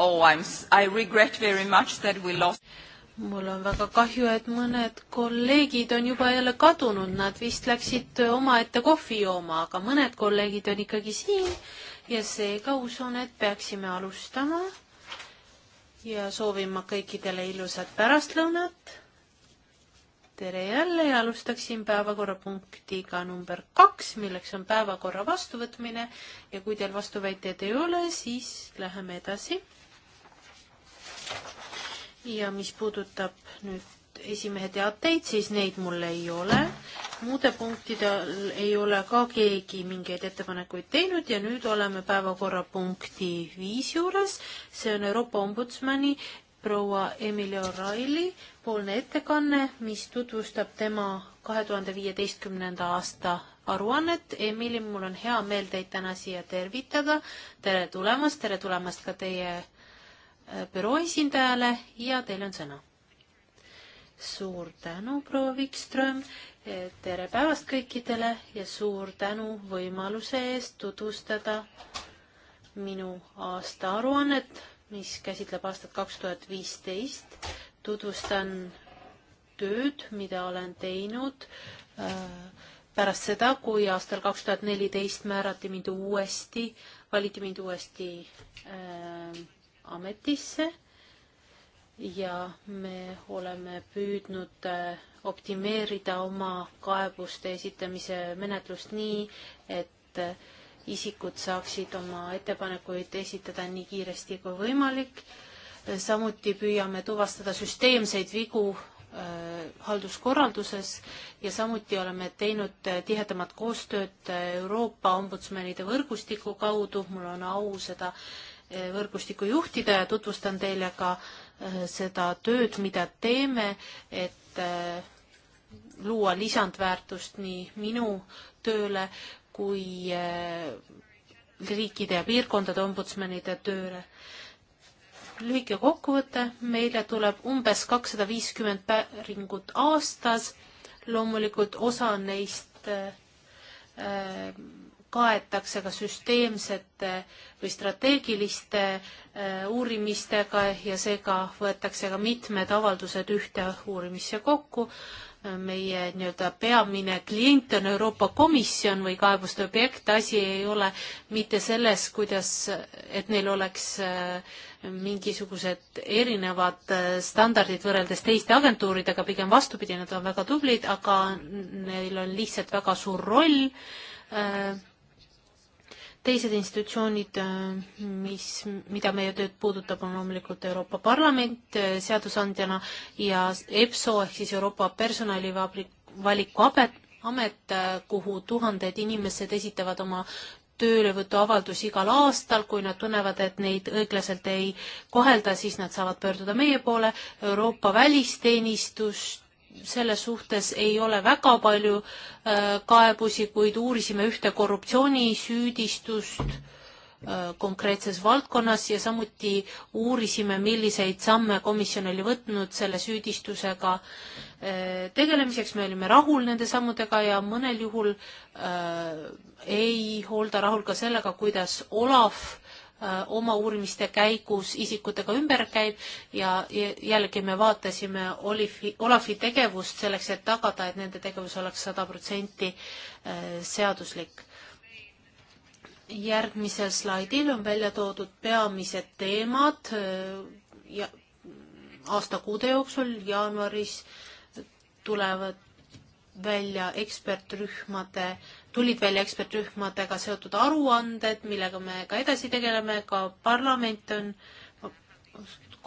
Oh, I'm, I regret very much that we lost. mul on väga kahju, et mõned kolleegid on juba jälle kadunud, nad vist läksid omaette kohvi jooma, aga mõned kolleegid on ikkagi siin ja seega usun, et peaksime alustama. ja soovin ma kõikidele ilusat pärastlõunat. tere jälle ja alustaksin päevakorrapunktiga number kaks, milleks on päevakorra vastuvõtmine ja kui teil vastuväiteid ei ole, siis läheme edasi ja mis puudutab nüüd esimehe teateid, siis neid mul ei ole. muude punktidel ei ole ka keegi mingeid ettepanekuid teinud ja nüüd oleme päevakorrapunkti viis juures. see on Euroopa Ombudsmani proua Emilio Raili poolne ettekanne, mis tutvustab tema kahe tuhande viieteistkümnenda aasta aruannet. Emili, mul on hea meel teid täna siia tervitada. tere tulemast, tere tulemast ka teie büroo esindajale ja teil on sõna. suur tänu, proua Wikström, tere päevast kõikidele ja suur tänu võimaluse eest tutvustada minu aastaaruannet, mis käsitleb aastat kaks tuhat viisteist. tutvustan tööd, mida olen teinud äh, pärast seda, kui aastal kaks tuhat neliteist määrati mind uuesti, valiti mind uuesti äh, ametisse ja me oleme püüdnud äh, optimeerida oma kaebuste esitamise menetlust nii, et äh, isikud saaksid oma ettepanekuid esitada nii kiiresti kui võimalik. samuti püüame tuvastada süsteemseid vigu äh, halduskorralduses ja samuti oleme teinud tihedamat koostööd Euroopa ombudsmanide võrgustiku kaudu. mul on au seda äh, Eh, võrgustiku juhtida ja tutvustan teile ka eh, seda tööd, mida teeme, et eh, luua lisandväärtust nii minu tööle kui riikide ja piirkondade ombudsmanide tööle. lühike kokkuvõte, meile tuleb umbes kakssada viiskümmend päringut aastas, loomulikult osa neist äh, kaetakse ka süsteemsete või strateegiliste äh, uurimistega ja seega võetakse ka mitmed avaldused ühte uurimisse kokku. Äh, meie nii-öelda peamine klient on Euroopa Komisjon või kaebuste objekt, asi ei ole mitte selles, kuidas, et neil oleks äh, mingisugused erinevad standardid võrreldes teiste agentuuridega, pigem vastupidi, nad on väga tublid, aga neil on lihtsalt väga suur roll teised institutsioonid, äh, mis, mida meie tööd puudutab, on loomulikult Euroopa Parlament äh, seadusandjana ja EPSO ehk siis Euroopa Personalivaliku Amet, amet, äh, kuhu tuhanded inimesed esitavad oma töölevõtuavaldus igal aastal, kui nad tunnevad, et neid õiglaselt ei kohelda, siis nad saavad pöörduda meie poole, Euroopa välisteenistust selles suhtes ei ole väga palju äh, kaebusi, kuid uurisime ühte korruptsioonisüüdistust äh, konkreetses valdkonnas ja samuti uurisime, milliseid samme komisjon oli võtnud selle süüdistusega äh, tegelemiseks, me olime rahul nende sammudega ja mõnel juhul äh, ei olda rahul ka sellega, kuidas Olav Äh, oma uurimiste käigus isikutega ümber käib ja jällegi me vaatasime Olifi, Olafi tegevust selleks, et tagada, et nende tegevus oleks sada protsenti äh, seaduslik. järgmisel slaidil on välja toodud peamised teemad äh, ja aastakuude jooksul, jaanuaris tulevad välja ekspertrühmade tulid välja ekspertrühmadega seotud aruanded, millega me ka edasi tegeleme, ka parlament on,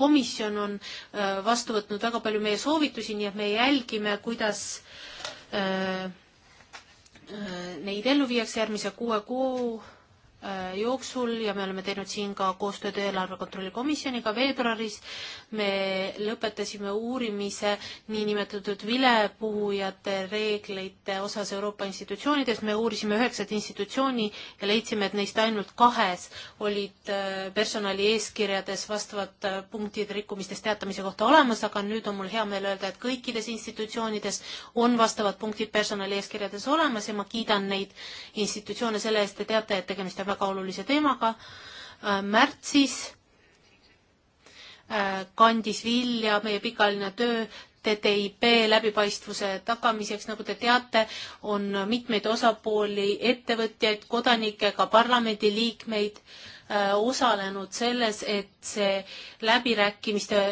komisjon on äh, vastu võtnud väga palju meie soovitusi, nii et me jälgime, kuidas äh, äh neid ellu viiakse järgmise kuue kuu Äh, jooksul ja me oleme teinud siin ka koostööd eelarve kontrolli komisjoniga veebruaris. me lõpetasime uurimise niinimetatud vilepuhujate reeglite osas Euroopa institutsioonides. me uurisime üheksat institutsiooni ja leidsime, et neist ainult kahes olid äh, personali eeskirjades vastavad äh, punktid rikkumistest teatamise kohta olemas, aga nüüd on mul hea meel öelda, et kõikides institutsioonides on vastavad punktid personali eeskirjades olemas ja ma kiidan neid institutsioone selle eest, te teate, et tegemist on väga olulise teemaga. Äh, märtsis äh, kandis vilja meie pikaline töö TTIP läbipaistvuse tagamiseks, nagu te teate, on mitmeid osapooli, ettevõtjaid, kodanikke, ka parlamendiliikmeid äh, osalenud selles, et see läbirääkimiste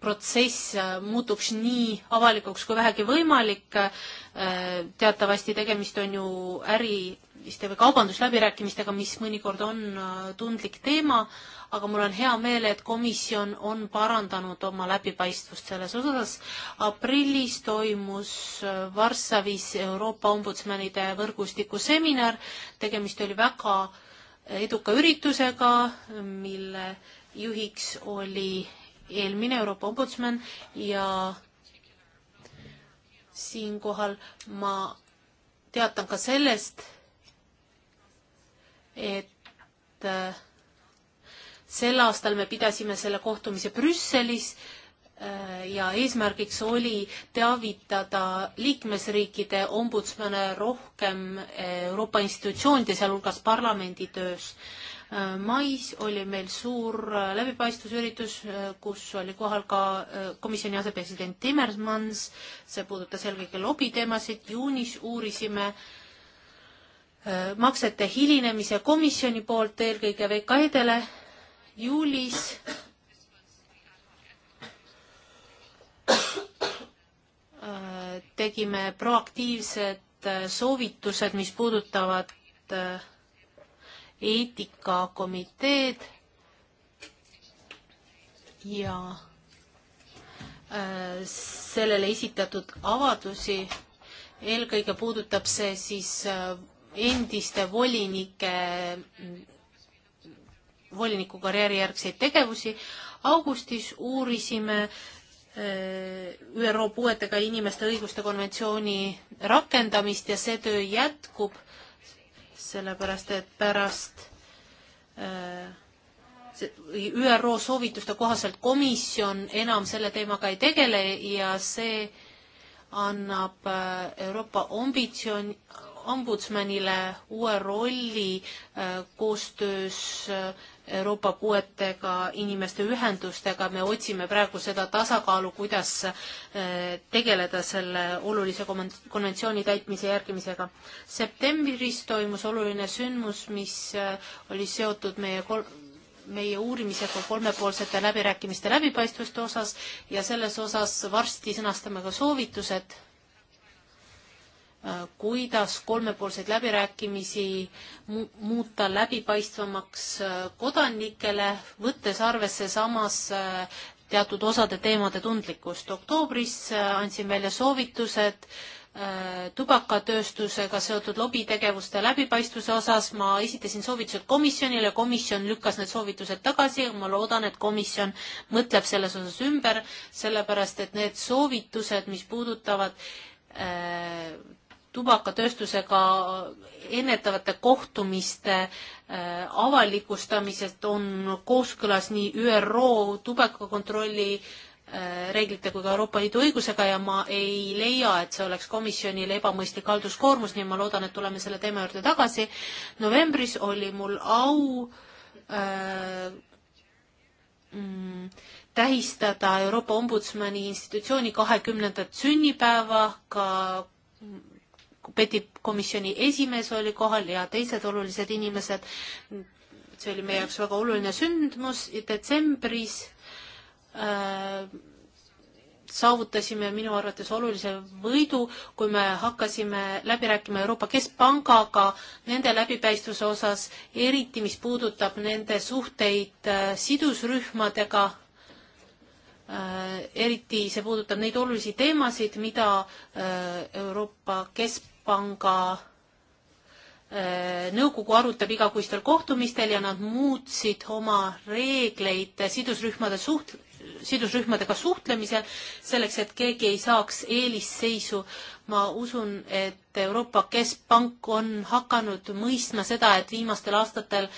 protsess muutuks nii avalikuks kui vähegi võimalik. teatavasti tegemist on ju äri või kaubandusläbirääkimistega, mis mõnikord on äh, tundlik teema, aga mul on hea meel, et komisjon on parandanud oma läbipaistvust selles osas. aprillis toimus äh, Varssavis Euroopa ombudsmanide võrgustiku seminar, tegemist oli väga äh, eduka üritusega, mille juhiks oli eelmine Euroopa ombudsman ja siinkohal ma teatan ka sellest, et äh, sel aastal me pidasime selle kohtumise Brüsselis äh, ja eesmärgiks oli teavitada liikmesriikide ombudsmane rohkem Euroopa institutsioonide, sealhulgas parlamendi töös. Äh, mais oli meil suur läbipaistvusüritus, kus oli kohal ka komisjoni asepresident Timmermans, see puudutas eelkõige lobiteemasid, juunis uurisime äh, Äh, maksete hilinemise komisjoni poolt eelkõige VKE-dele juulis äh, tegime proaktiivsed äh, soovitused, mis puudutavad eetikakomiteed ja sellele esitatud avaldusi. eelkõige puudutab see siis endiste volinike, voliniku karjääri järgseid tegevusi. augustis uurisime eh, ÜRO puuetega inimeste õiguste konventsiooni rakendamist ja see töö jätkub, sellepärast et pärast eh, ÜRO soovituste kohaselt komisjon enam selle teemaga ei tegele ja see annab eh, Euroopa ambitsioon, ombudsmanile uue rolli äh, koostöös äh, Euroopa puuetega inimeste ühendustega, me otsime praegu seda tasakaalu, kuidas äh, tegeleda selle olulise konventsiooni täitmise järgimisega. septembris toimus oluline sündmus, mis oli seotud meie kol-, meie uurimisega kolmepoolsete läbirääkimiste läbipaistvuste osas ja selles osas varsti sõnastame ka soovitused Äh, kuidas kolmepoolseid läbirääkimisi muuta läbipaistvamaks äh, kodanikele, võttes arvesse samas äh, teatud osade teemade tundlikkust. oktoobris andsin välja soovitused tubakatööstusega seotud lobitegevuste läbipaistvuse osas ma esitasin soovitused komisjonile, komisjon lükkas need soovitused tagasi ja ma loodan, et komisjon mõtleb selles osas ümber, sellepärast et need soovitused, mis puudutavad tubakatööstusega ennetavate kohtumiste äh, avalikustamisest on kooskõlas nii ÜRO tubakakontrolli äh, reeglite kui ka Euroopa Liidu õigusega ja ma ei leia, et see oleks komisjonile ebamõistlik halduskoormus, nii ma loodan, et tuleme selle teema juurde tagasi. novembris oli mul au äh, mm, tähistada Euroopa Ombudsmani institutsiooni kahekümnendat sünnipäeva, ka Peti komisjoni esimees oli kohal ja teised olulised inimesed. see oli meie jaoks väga oluline sündmus. detsembris äh, saavutasime minu arvates olulise võidu, kui me hakkasime läbi rääkima Euroopa Keskpangaga nende läbipaistvuse osas, eriti mis puudutab nende suhteid äh, sidusrühmadega Äh, eriti see puudutab neid olulisi teemasid, mida äh, Euroopa Keskpanga äh, nõukogu arutab igakuistel kohtumistel ja nad muutsid oma reegleid sidusrühmade suht-, sidusrühmadega suhtlemisel, selleks et keegi ei saaks eelisseisu. ma usun, et Euroopa Keskpank on hakanud mõistma seda, et viimastel aastatel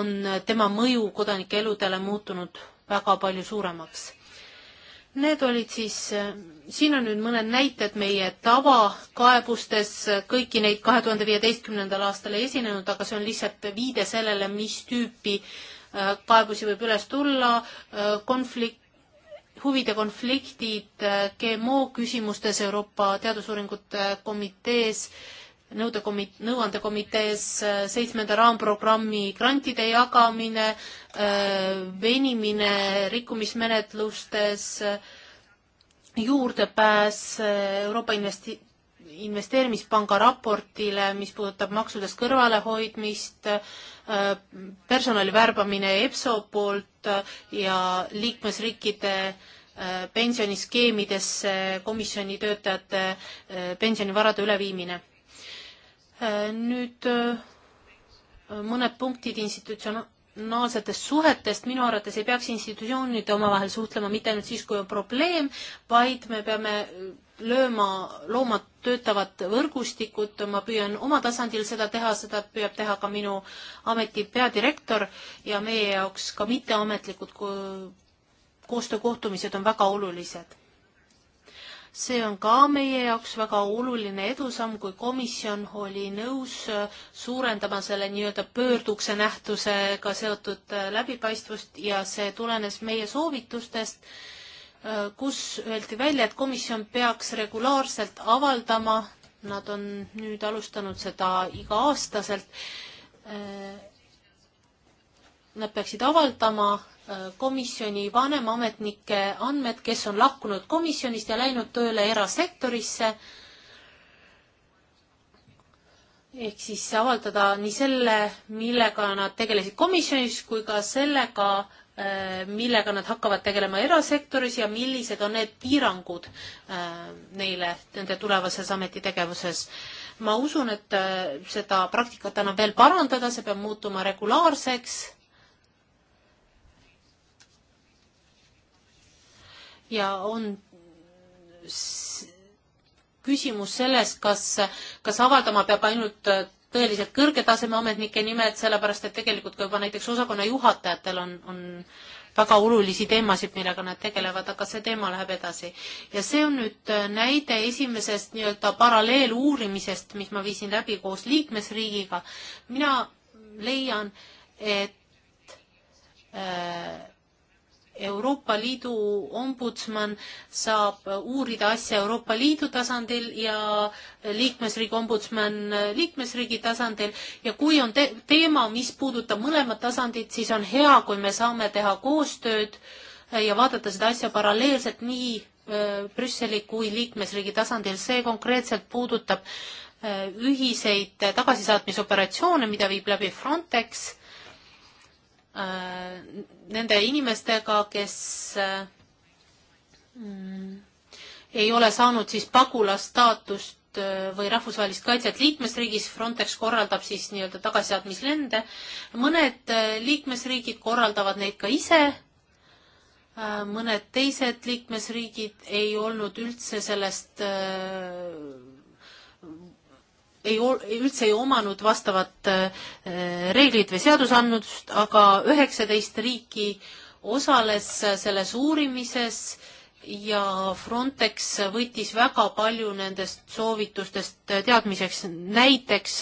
on tema mõju kodanike eludele muutunud väga palju suuremaks Need olid siis, siin on nüüd mõned näited meie tavakaebustes, kõiki neid kahe tuhande viieteistkümnendal aastal ei esinenud, aga see on lihtsalt viide sellele, mis tüüpi äh, kaebusi võib üles tulla, äh, konflikt, huvide konfliktid äh, GMO küsimustes Euroopa Teadusuuringute Komitees nõudekomit-, nõuandekomitees äh, seitsmenda raamprogrammi grantide jagamine, äh, venimine rikkumismenetlustes, äh, juurdepääs Euroopa investi-, investeerimispanga raportile, mis puudutab maksudest kõrvalehoidmist, personali värbamine EPSO poolt ja liikmesriikide pensioniskeemidesse komisjoni töötajate pensionivarade üleviimine Äh, nüüd äh, mõned punktid institutsionaalsetest suhetest, minu arvates ei peaks institutsioonid omavahel suhtlema mitte ainult siis, kui on probleem, vaid me peame äh, lööma, looma töötavad võrgustikud, ma püüan oma tasandil seda teha, seda püüab teha ka minu ameti peadirektor ja meie jaoks ka mitteametlikud koostöökohtumised on väga olulised see on ka meie jaoks väga oluline edusamm, kui komisjon oli nõus äh, suurendama selle nii-öelda pöördukse nähtusega seotud äh, läbipaistvust ja see tulenes meie soovitustest, äh, kus öeldi välja, et komisjon peaks regulaarselt avaldama, nad on nüüd alustanud seda iga-aastaselt, nad peaksid avaldama komisjoni vanemametnike andmed, kes on lahkunud komisjonist ja läinud tööle erasektorisse. ehk siis avaldada nii selle, millega nad tegelesid komisjonis, kui ka sellega, äh, millega nad hakkavad tegelema erasektoris ja millised on need piirangud äh, neile nende tulevases ametitegevuses. ma usun, et äh, seda praktikat annab veel parandada, see peab muutuma regulaarseks ja on küsimus selles, kas, kas avaldama peab ainult äh, tõeliselt kõrge taseme ametnike nimed, sellepärast et tegelikult ka juba näiteks osakonna juhatajatel on, on väga olulisi teemasid, millega nad tegelevad, aga see teema läheb edasi. ja see on nüüd äh, näide esimesest nii-öelda paralleeluurimisest, mis ma viisin läbi koos liikmesriigiga. mina leian, et äh, Euroopa Liidu ombudsman saab uurida asja Euroopa Liidu tasandil ja liikmesriigi ombudsman liikmesriigi tasandil ja kui on te teema, mis puudutab mõlemat tasandit, siis on hea, kui me saame teha koostööd ja vaadata seda asja paralleelselt nii äh, Brüsseli kui liikmesriigi tasandil. see konkreetselt puudutab äh, ühiseid tagasisaatmisoperatsioone, mida viib läbi Frontex Äh, nende inimestega, kes äh, ei ole saanud siis pagulasstaatust äh, või rahvusvahelist kaitset liikmesriigis, Frontex korraldab siis nii-öelda tagasiseadmislende. mõned liikmesriigid korraldavad neid ka ise, mõned teised liikmesriigid ei olnud üldse sellest ei, üldse ei omanud vastavat äh, reeglit või seadusandlust, aga üheksateist riiki osales selles uurimises ja Frontex võttis väga palju nendest soovitustest teadmiseks, näiteks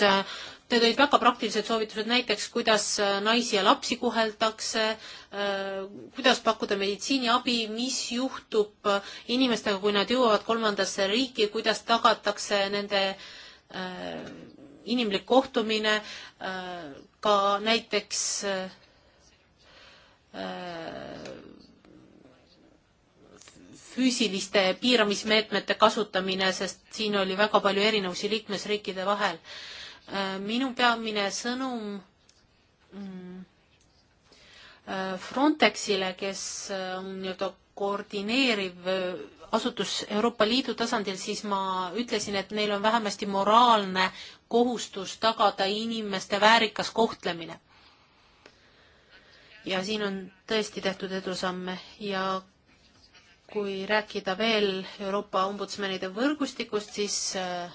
Te tõid väga praktilised soovitused, näiteks kuidas naisi ja lapsi koheldakse, äh, kuidas pakkuda meditsiiniabi, mis juhtub inimestega, kui nad jõuavad kolmandasse riiki, kuidas tagatakse nende äh, Äh, inimlik kohtumine äh, ka näiteks äh, füüsiliste piiramismeetmete kasutamine, sest siin oli väga palju erinevusi liikmesriikide vahel. minu peamine sõnum mm, Frontexile, kes on nii-öelda koordineeriv asutus Euroopa Liidu tasandil, siis ma ütlesin, et neil on vähemasti moraalne kohustus tagada inimeste väärikas kohtlemine. ja siin on tõesti tehtud edusamme ja kui rääkida veel Euroopa ombudsmanide võrgustikust, siis äh,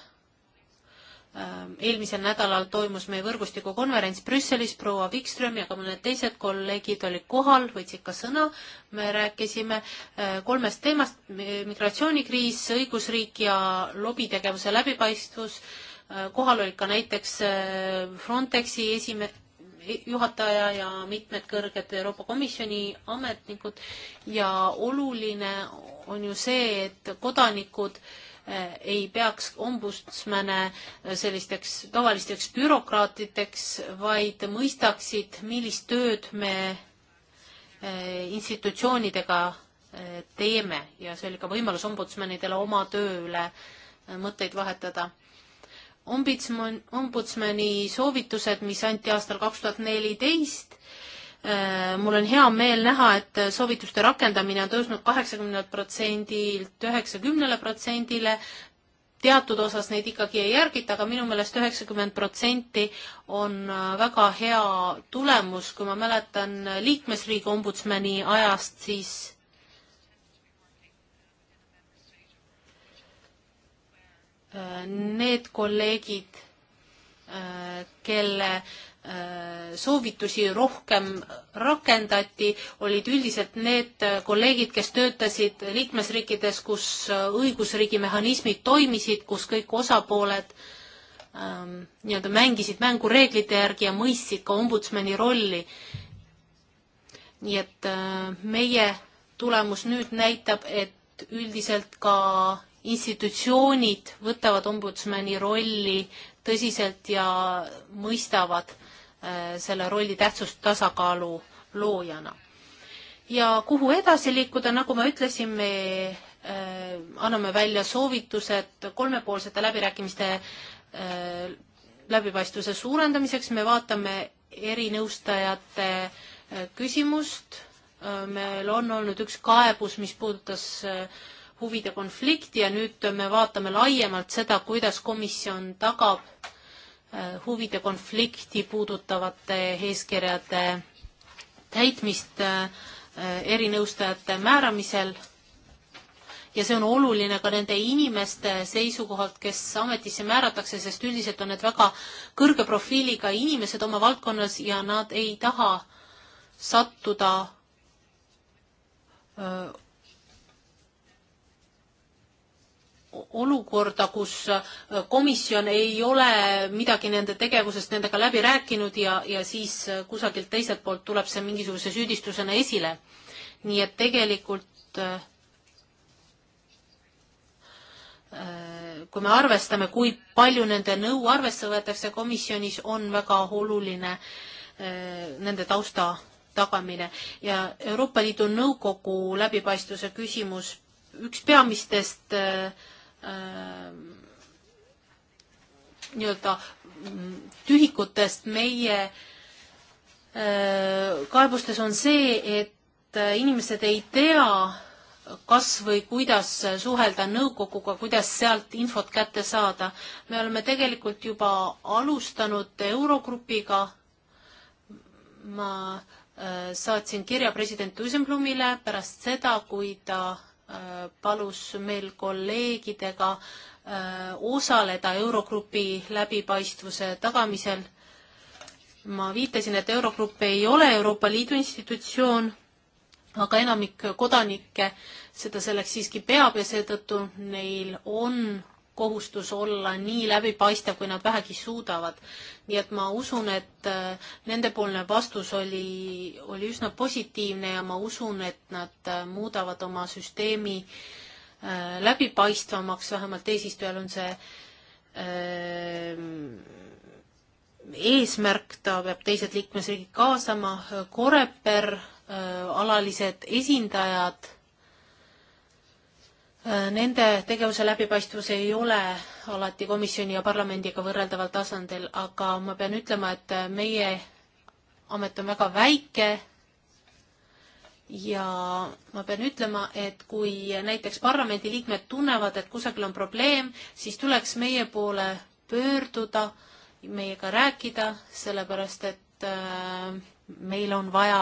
Ähm, eelmisel nädalal toimus meie võrgustiku konverents Brüsselis, proua Wikström ja ka mõned teised kolleegid olid kohal, võtsid ka sõna. me rääkisime äh, kolmest teemast, migratsioonikriis, õigusriik ja lobitegevuse läbipaistvus. Äh, kohal olid ka näiteks äh, Frontexi esime-, e-, juhataja ja mitmed kõrged Euroopa Komisjoni ametnikud ja oluline on ju see, et kodanikud äh, Eh, ei peaks ombudsmane eh, sellisteks tavalisteks bürokraatideks, vaid mõistaksid, millist tööd me eh, institutsioonidega teeme ja see oli ka võimalus ombudsmanidele oma töö üle mõtteid vahetada. ombudsman, ombudsmani soovitused, mis anti aastal kaks tuhat neliteist, Äh, mul on hea meel näha, et soovituste rakendamine on tõusnud kaheksakümnelt protsendilt üheksakümnele protsendile, teatud osas neid ikkagi ei järgita, aga minu meelest üheksakümmend protsenti on äh, väga hea tulemus, kui ma mäletan liikmesriigi ombudsmani ajast, siis äh, need kolleegid, kelle Äh, soovitusi rohkem rakendati, olid üldiselt need äh, kolleegid, kes töötasid liikmesriikides, kus äh, õigusriigi mehhanismid toimisid, kus kõik osapooled ähm, nii-öelda mängisid mängureeglite järgi ja mõistsid ka ombudsmani rolli. nii et äh, meie tulemus nüüd näitab, et üldiselt ka institutsioonid võtavad ombudsmani rolli tõsiselt ja mõistavad Äh, selle rolli tähtsust tasakaalu loojana. ja kuhu edasi liikuda, nagu ma ütlesin, me äh, anname välja soovitused kolmepoolsete läbirääkimiste äh, läbipaistvuse suurendamiseks, me vaatame erinõustajate küsimust, meil on olnud üks kaebus, mis puudutas huvide konflikti ja nüüd me vaatame laiemalt seda, kuidas komisjon tagab äh, Äh, huvide konflikti puudutavate eeskirjade täitmist äh, erinõustajate määramisel ja see on oluline ka nende inimeste seisukohalt, kes ametisse määratakse, sest üldiselt on need väga kõrge profiiliga inimesed oma valdkonnas ja nad ei taha sattuda öö, äh, olukorda, kus äh, komisjon ei ole midagi nende tegevusest nendega läbi rääkinud ja, ja siis äh, kusagilt teiselt poolt tuleb see mingisuguse süüdistusena esile. nii et tegelikult äh, kui me arvestame, kui palju nende nõu arvesse võetakse komisjonis, on väga oluline nende tausta tagamine ja Euroopa Liidu Nõukogu läbipaistvuse küsimus üks peamistest äh, Ähm, nii-öelda mm, tühikutest meie äh, kaebustes on see, et äh, inimesed ei tea, kas või kuidas suhelda nõukoguga, kuidas sealt infot kätte saada. me oleme tegelikult juba alustanud Eurogrupiga. ma äh, saatsin kirja president Tuisenblumile pärast seda, kui ta palus meil kolleegidega äh, osaleda Eurogrupi läbipaistvuse tagamisel. ma viitasin, et Eurogrupp ei ole Euroopa Liidu institutsioon, aga enamik kodanikke seda selleks siiski peab ja seetõttu neil on kohustus olla nii läbipaistev, kui nad vähegi suudavad. nii et ma usun, et äh, nendepoolne vastus oli, oli üsna positiivne ja ma usun, et nad äh, muudavad oma süsteemi äh, läbipaistvamaks, vähemalt eesistujal on see eesmärk, ta peab teised liikmesriigid kaasama, Koreper, alalised esindajad Äh, nende tegevuse läbipaistvus ei ole alati komisjoni ja parlamendiga võrreldaval tasandil, aga ma pean ütlema, et äh, meie amet on väga väike ja ma pean ütlema, et kui näiteks parlamendiliikmed tunnevad, et kusagil on probleem, siis tuleks meie poole pöörduda, meiega rääkida, sellepärast et äh, meil on vaja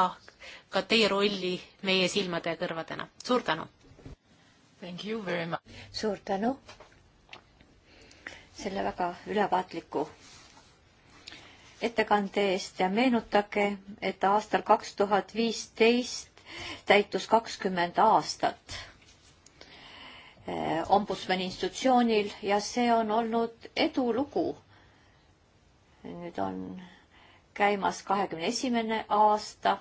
ka teie rolli meie silmade ja kõrvadena. suur tänu! suur tänu selle väga ülevaatliku ettekande eest ja meenutage, et aastal kaks tuhat viisteist täitus kakskümmend aastat eh, ombudsmani institutsioonil ja see on olnud edulugu. nüüd on käimas kahekümne esimene aasta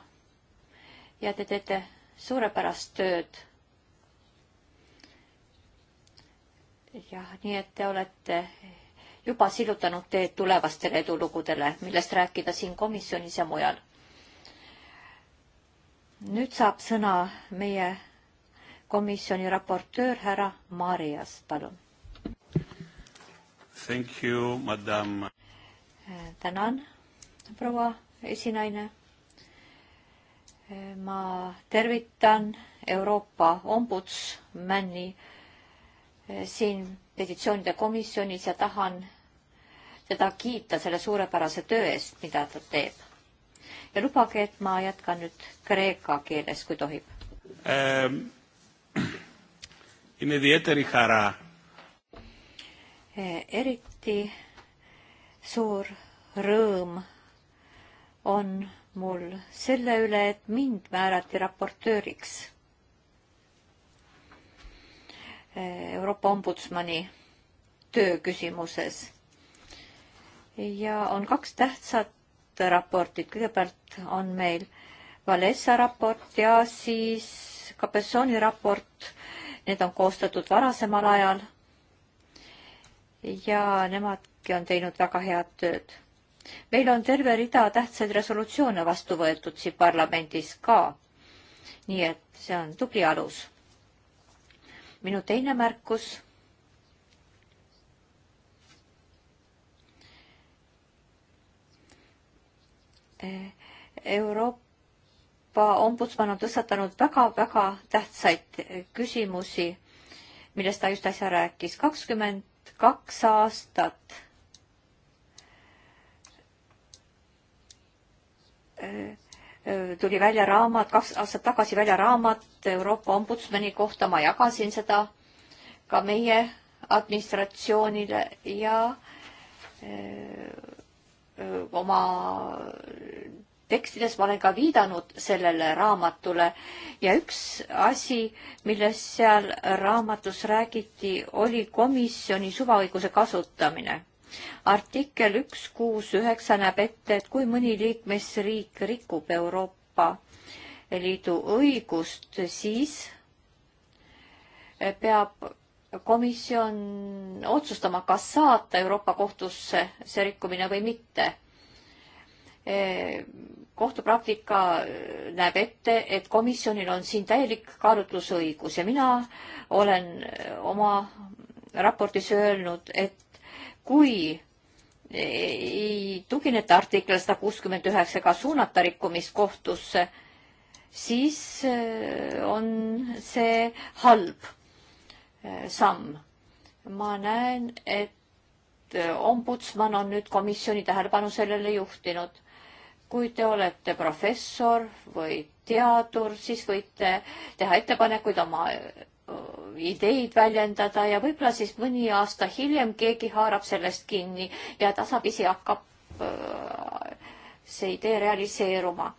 ja te teete suurepärast tööd jah, nii et te olete juba sillutanud teed tulevastele edulugudele, millest rääkida siin komisjonis ja mujal. nüüd saab sõna meie komisjoni raportöör härra Marias, palun. Thank you, madam. tänan, proua esinaine. ma tervitan Euroopa ombudsmani äh, Eh, siin petitsioonide komisjonis ja tahan teda kiita selle suurepärase töö eest, mida ta teeb. ja lubage, et ma jätkan nüüd kreeka keeles, kui tohib ähm,. eriti suur rõõm on mul selle üle, et mind määrati raportööriks Euroopa Ombudsmani töö küsimuses. ja on kaks tähtsat raportit, kõigepealt on meil Valessa raport ja siis Capessoni raport, need on koostatud varasemal ajal ja nemadki on teinud väga head tööd. meil on terve rida tähtsaid resolutsioone vastu võetud siin parlamendis ka. nii et see on tubli alus minu teine märkus Euroopa ombudsman on tõstatanud väga-väga tähtsaid küsimusi, millest ta just äsja rääkis. kakskümmend kaks aastat tuli välja raamat, kaks aastat tagasi välja raamat Euroopa ombudsmani kohta, ma jagasin seda ka meie administratsioonile ja öö, äh, öö, oma tekstides ma olen ka viidanud sellele raamatule ja üks asi, millest seal raamatus räägiti, oli komisjoni suvaõiguse kasutamine artikkel üks kuus üheksa näeb ette, et kui mõni liikmesriik rikub Euroopa Liidu õigust, siis peab komisjon otsustama, kas saata Euroopa kohtusse see rikkumine või mitte. kohtupraktika näeb ette, et komisjonil on siin täielik kaalutlusõigus ja mina olen oma raportis öelnud, et kui ei tugineta artikkel sada kuuskümmend üheksa ega suunata rikkumist kohtusse, siis äh, on see halb äh, samm. ma näen, et äh, ombudsman on nüüd komisjoni tähelepanu sellele juhtinud. kui te olete professor või teadur, siis võite teha ettepanekuid oma ideid väljendada ja võib-olla siis mõni aasta hiljem keegi haarab sellest kinni ja tasapisi hakkab äh, see idee realiseeruma.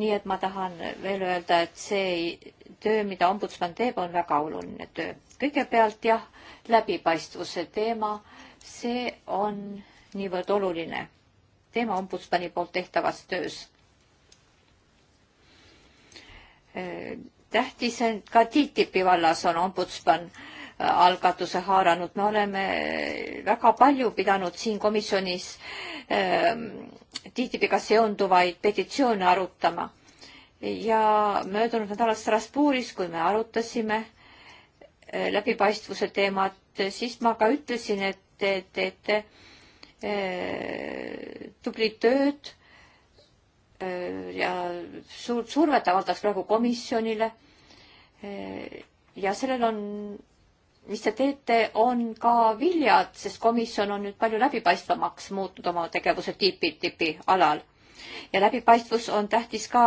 nii et ma tahan veel öelda, et see töö, mida ombudsman teeb, on väga oluline töö. kõigepealt jah, läbipaistvuse teema, see on niivõrd oluline teema ombudsmani poolt tehtavas töös äh, tähtis, ka TTIP-i vallas on ombudsman äh, algatuse haaranud, me oleme väga palju pidanud siin komisjonis ähm, TTIP-iga seonduvaid petitsioone arutama. ja möödunud nädalal Strasbourgis, kui me arutasime äh, läbipaistvuse teemat, siis ma ka ütlesin, et te teete äh, tublit tööd Äh, ja suurt survet avaldaks praegu komisjonile. Äh, ja sellel on, mis te teete, on ka viljad, sest komisjon on nüüd palju läbipaistvamaks muutnud oma tegevuse tipi-tipi alal. ja läbipaistvus on tähtis ka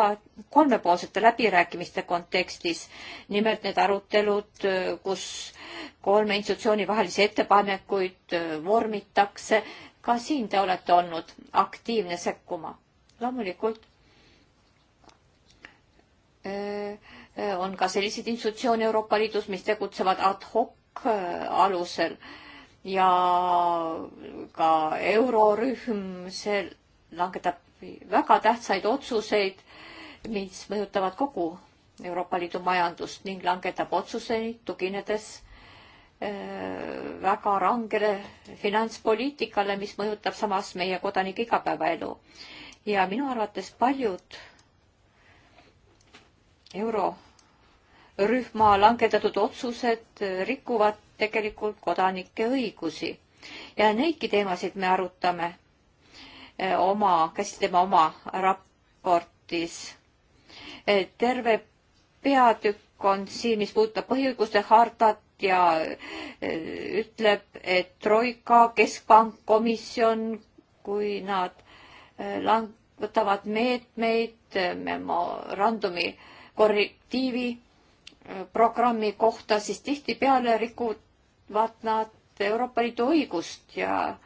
kolmepoolsete läbirääkimiste kontekstis. nimelt need arutelud, kus kolme institutsiooni vahelisi ettepanekuid vormitakse. ka siin te olete olnud aktiivne sekkuma loomulikult äh, äh, on ka selliseid institutsioone Euroopa Liidus, mis tegutsevad ad hoc äh, alusel ja ka eurorühm, see langetab väga tähtsaid otsuseid, mis mõjutavad kogu Euroopa Liidu majandust ning langetab otsuseid tuginedes väga rangele finantspoliitikale, mis mõjutab samas meie kodanike igapäevaelu ja minu arvates paljud eurorühma langetatud otsused rikuvad tegelikult kodanike õigusi ja neidki teemasid me arutame eh, oma, käsitleme oma raportis. Eh, terve peatükk on siin, mis puudutab põhiõiguste hartat ja eh, ütleb, et Troika, Keskpank, komisjon, kui nad võtavad meetmeid eh, memorandumi korrektiivi eh, programmi kohta, siis tihtipeale rikuvad nad Euroopa Liidu õigust ja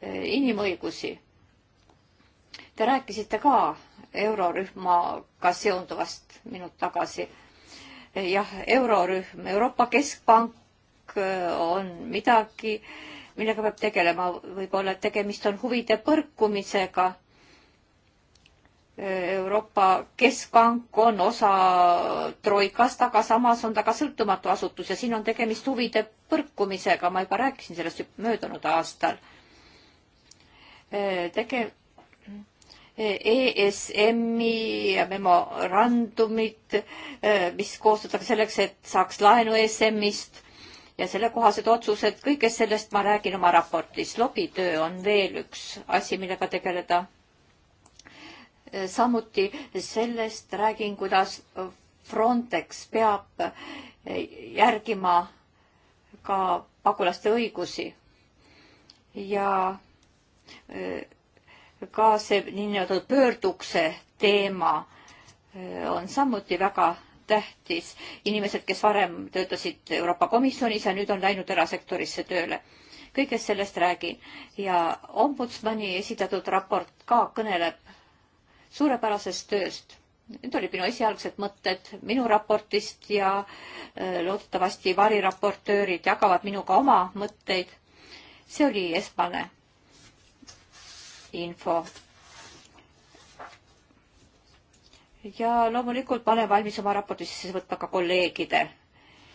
eh, inimõigusi. Te rääkisite ka eurorühmaga seonduvast minut tagasi. jah, eurorühm, Euroopa Keskpank on midagi, millega peab tegelema, võib-olla tegemist on huvide põrkumisega Euroopa Keskpank on osa troikast, aga samas on ta ka sõltumatu asutus ja siin on tegemist huvide põrkumisega, ma juba rääkisin sellest möödunud aastal. tege-, ESM-i memorandumid, mis koostatakse selleks, et saaks laenu ESM-ist ja sellekohased otsused, kõigest sellest ma räägin oma raportis. lobitöö on veel üks asi, millega tegeleda samuti sellest räägin, kuidas Frontex peab järgima ka pagulaste õigusi ja äh, ka see nii-öelda pöördukse teema äh, on samuti väga tähtis. inimesed, kes varem töötasid Euroopa Komisjonis ja nüüd on läinud erasektorisse tööle kõigest sellest räägin ja ombudsmani esitatud raport ka kõneleb suurepärasest tööst. Need olid minu esialgsed mõtted minu raportist ja äh, loodetavasti variraportöörid jagavad minuga oma mõtteid. see oli esmane info. ja loomulikult ma olen valmis oma raportisse siis võtma ka kolleegide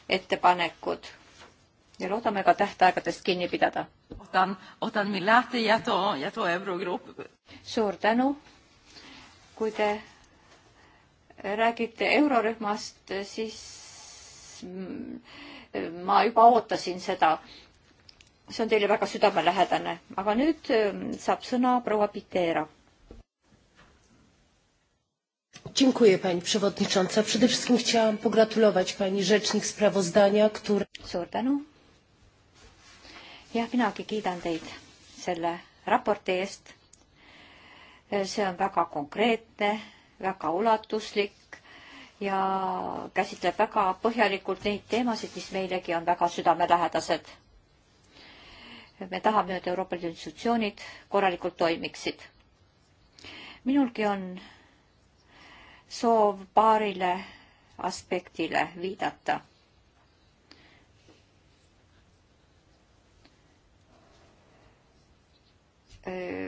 ettepanekud ja loodame ka tähtaegadest kinni pidada. ootan, ootan, mille lähtejätu ja too eurogrupp. suur tänu kui te räägite eurorühmast, siis mm, ma juba ootasin seda. see on teile väga südamelähedane, aga nüüd mm, saab sõna proua Piteera. Dziękuję Pani Przewodnicząca. Przede wszystkim chciałam pogratulować Pani Rzecznik sprawozdania, które... Suur tänu. Ja minagi kiidan teid selle raporti eest see on väga konkreetne, väga ulatuslik ja käsitleb väga põhjalikult neid teemasid, mis meilegi on väga südamelähedased. me tahame, et Euroopa Liidu institutsioonid korralikult toimiksid. minulgi on soov paarile aspektile viidata.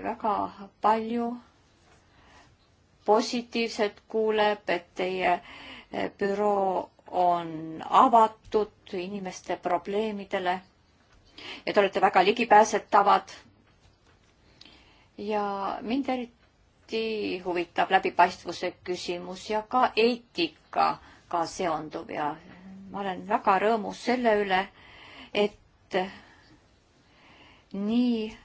väga palju positiivset kuuleb, et teie eh, büroo on avatud inimeste probleemidele ja te olete väga ligipääsetavad. ja mind eriti huvitab läbipaistvuse küsimus ja ka eetikaga seonduv ja ma olen väga rõõmus selle üle, et nii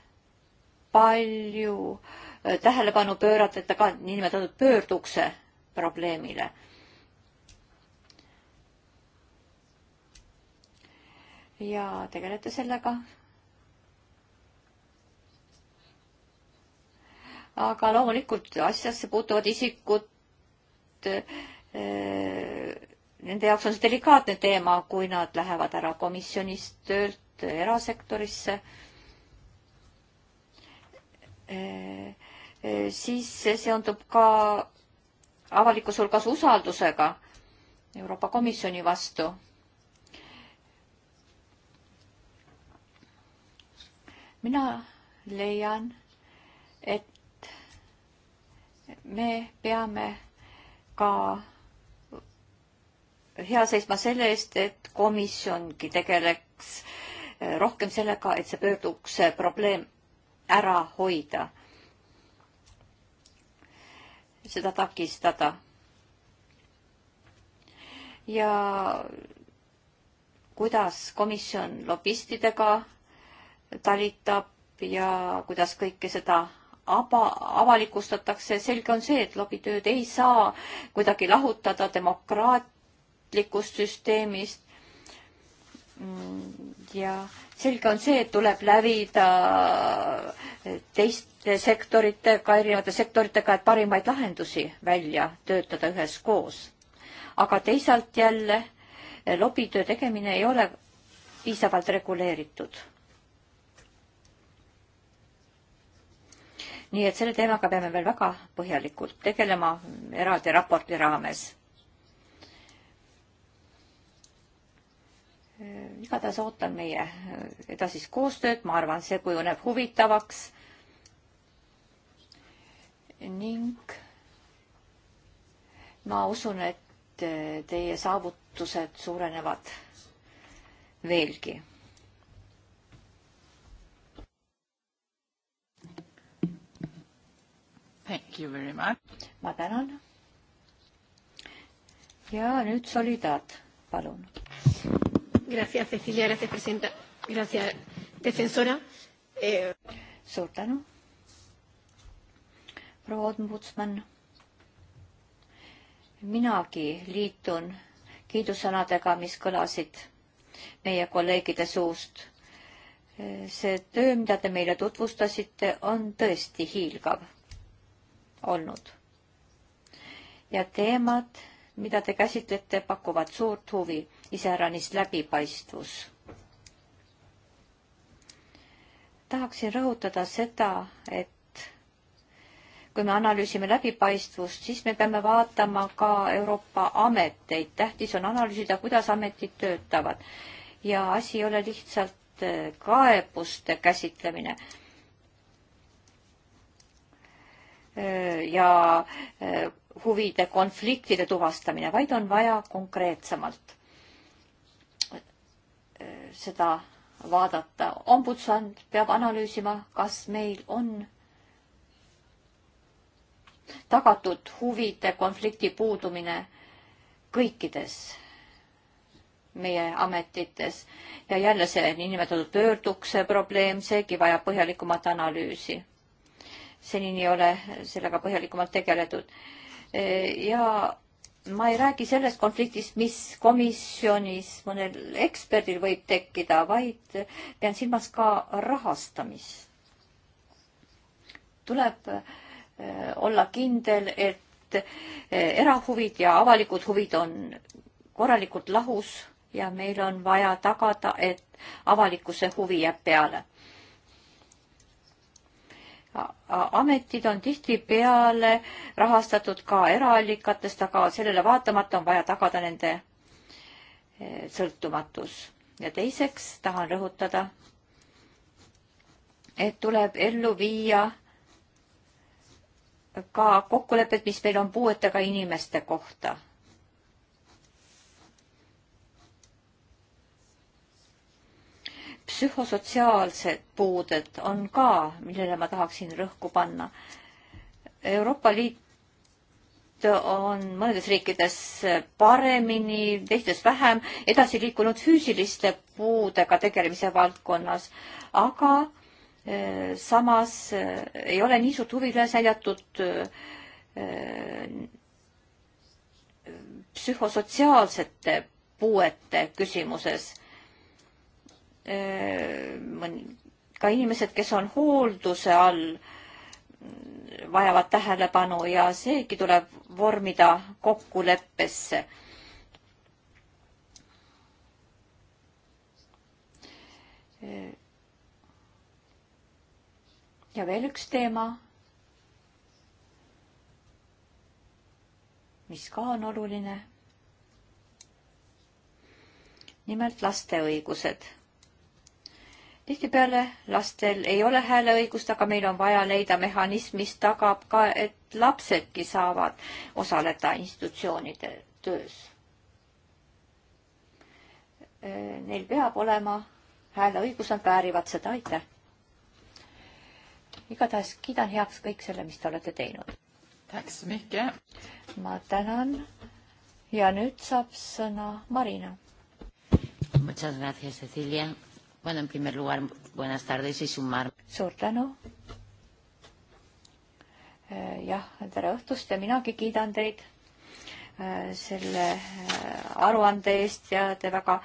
palju äh, Äh, tähelepanu pöörata ka niinimetatud pöördukse probleemile. ja tegelete sellega? aga loomulikult asjasse puutuvad isikud, äh, nende jaoks on see delikaatne teema, kui nad lähevad ära komisjonist töölt erasektorisse äh, siis see seondub ka avalikkuse hulgas usaldusega Euroopa Komisjoni vastu. mina leian, et me peame ka hea seisma selle eest, et komisjongi tegeleks rohkem sellega, et see pöörduks probleem ära hoida seda takistada. ja kuidas komisjon lobistidega talitab ja kuidas kõike seda aba-, avalikustatakse, selge on see, et lobitööd ei saa kuidagi lahutada demokraatlikust süsteemist mm, ja äh, selge on see, et tuleb lävida teiste sektoritega, erinevate sektoritega, et parimaid lahendusi välja töötada üheskoos. aga teisalt jälle lobitöö tegemine ei ole piisavalt reguleeritud. nii et selle teemaga peame veel väga põhjalikult tegelema eraldi raporti raames Ehm, igatahes ootan meie eh, edasist koostööd, ma arvan, see kujuneb huvitavaks. ning ma usun, et eh, teie saavutused suurenevad veelgi. Thank you very much. ma tänan. ja nüüd Solidaat, palun. Gracias, Cecilia. Gracias, presidenta. Gracias, defensora. Eh... suur tänu. proua Odmbudsman. minagi liitun kiidusõnadega, mis kõlasid meie kolleegide suust. see töö, mida te meile tutvustasite, on tõesti hiilgav olnud. ja teemad mida te käsitlete, pakuvad suurt huvi, iseäranis läbipaistvus. tahaksin rõhutada seda, et kui me analüüsime läbipaistvust, siis me peame vaatama ka Euroopa ameteid. tähtis on analüüsida, kuidas ametid töötavad. ja asi ei ole lihtsalt äh, kaebuste käsitlemine. Äh, ja äh, huvide konfliktide tuvastamine, vaid on vaja konkreetsemalt seda vaadata. ombudsman peab analüüsima, kas meil on tagatud huvide konflikti puudumine kõikides meie ametites ja jälle see niinimetatud pöördukse probleem, seegi vajab põhjalikumat analüüsi. senini ei ole sellega põhjalikumalt tegeletud ja ma ei räägi sellest konfliktist, mis komisjonis mõnel eksperdil võib tekkida, vaid pean silmas ka rahastamist. tuleb eh, olla kindel, et eh, erahuvid ja avalikud huvid on korralikult lahus ja meil on vaja tagada, et avalikkuse huvi jääb peale ametid on tihtipeale rahastatud ka eraallikatest, aga sellele vaatamata on vaja tagada nende eh, sõltumatus. ja teiseks tahan rõhutada, et tuleb ellu viia ka kokkulepped, mis meil on puuetega inimeste kohta psühhosotsiaalsed puuded on ka, millele ma tahaksin rõhku panna. Euroopa Liit on mõnedes riikides paremini, teistes vähem edasi liikunud füüsiliste puudega tegelemise valdkonnas, aga eh, samas eh, ei ole nii suurt huvi üles näidatud eh, psühhosotsiaalsete puuete küsimuses Äh, ka inimesed, kes on hoolduse all, mm, vajavad tähelepanu ja seegi tuleb vormida kokkuleppesse. Äh, ja veel üks teema, mis ka on oluline. nimelt laste õigused tihtipeale lastel ei ole hääleõigust, aga meil on vaja leida mehhanism, mis tagab ka, et lapsedki saavad osaleda institutsioonide töös. Neil peab olema hääleõigus, nad väärivad seda, aitäh. igatahes kiidan heaks kõik selle, mis te olete teinud. ma tänan ja nüüd saab sõna Marina. Muchas gracias, Cecilia Bueno, en primer lugar, buenas tardes y sumar. suur tänu. Eh, jah, tere õhtust ja minagi kiidan teid eh, selle eh, aruande eest ja te väga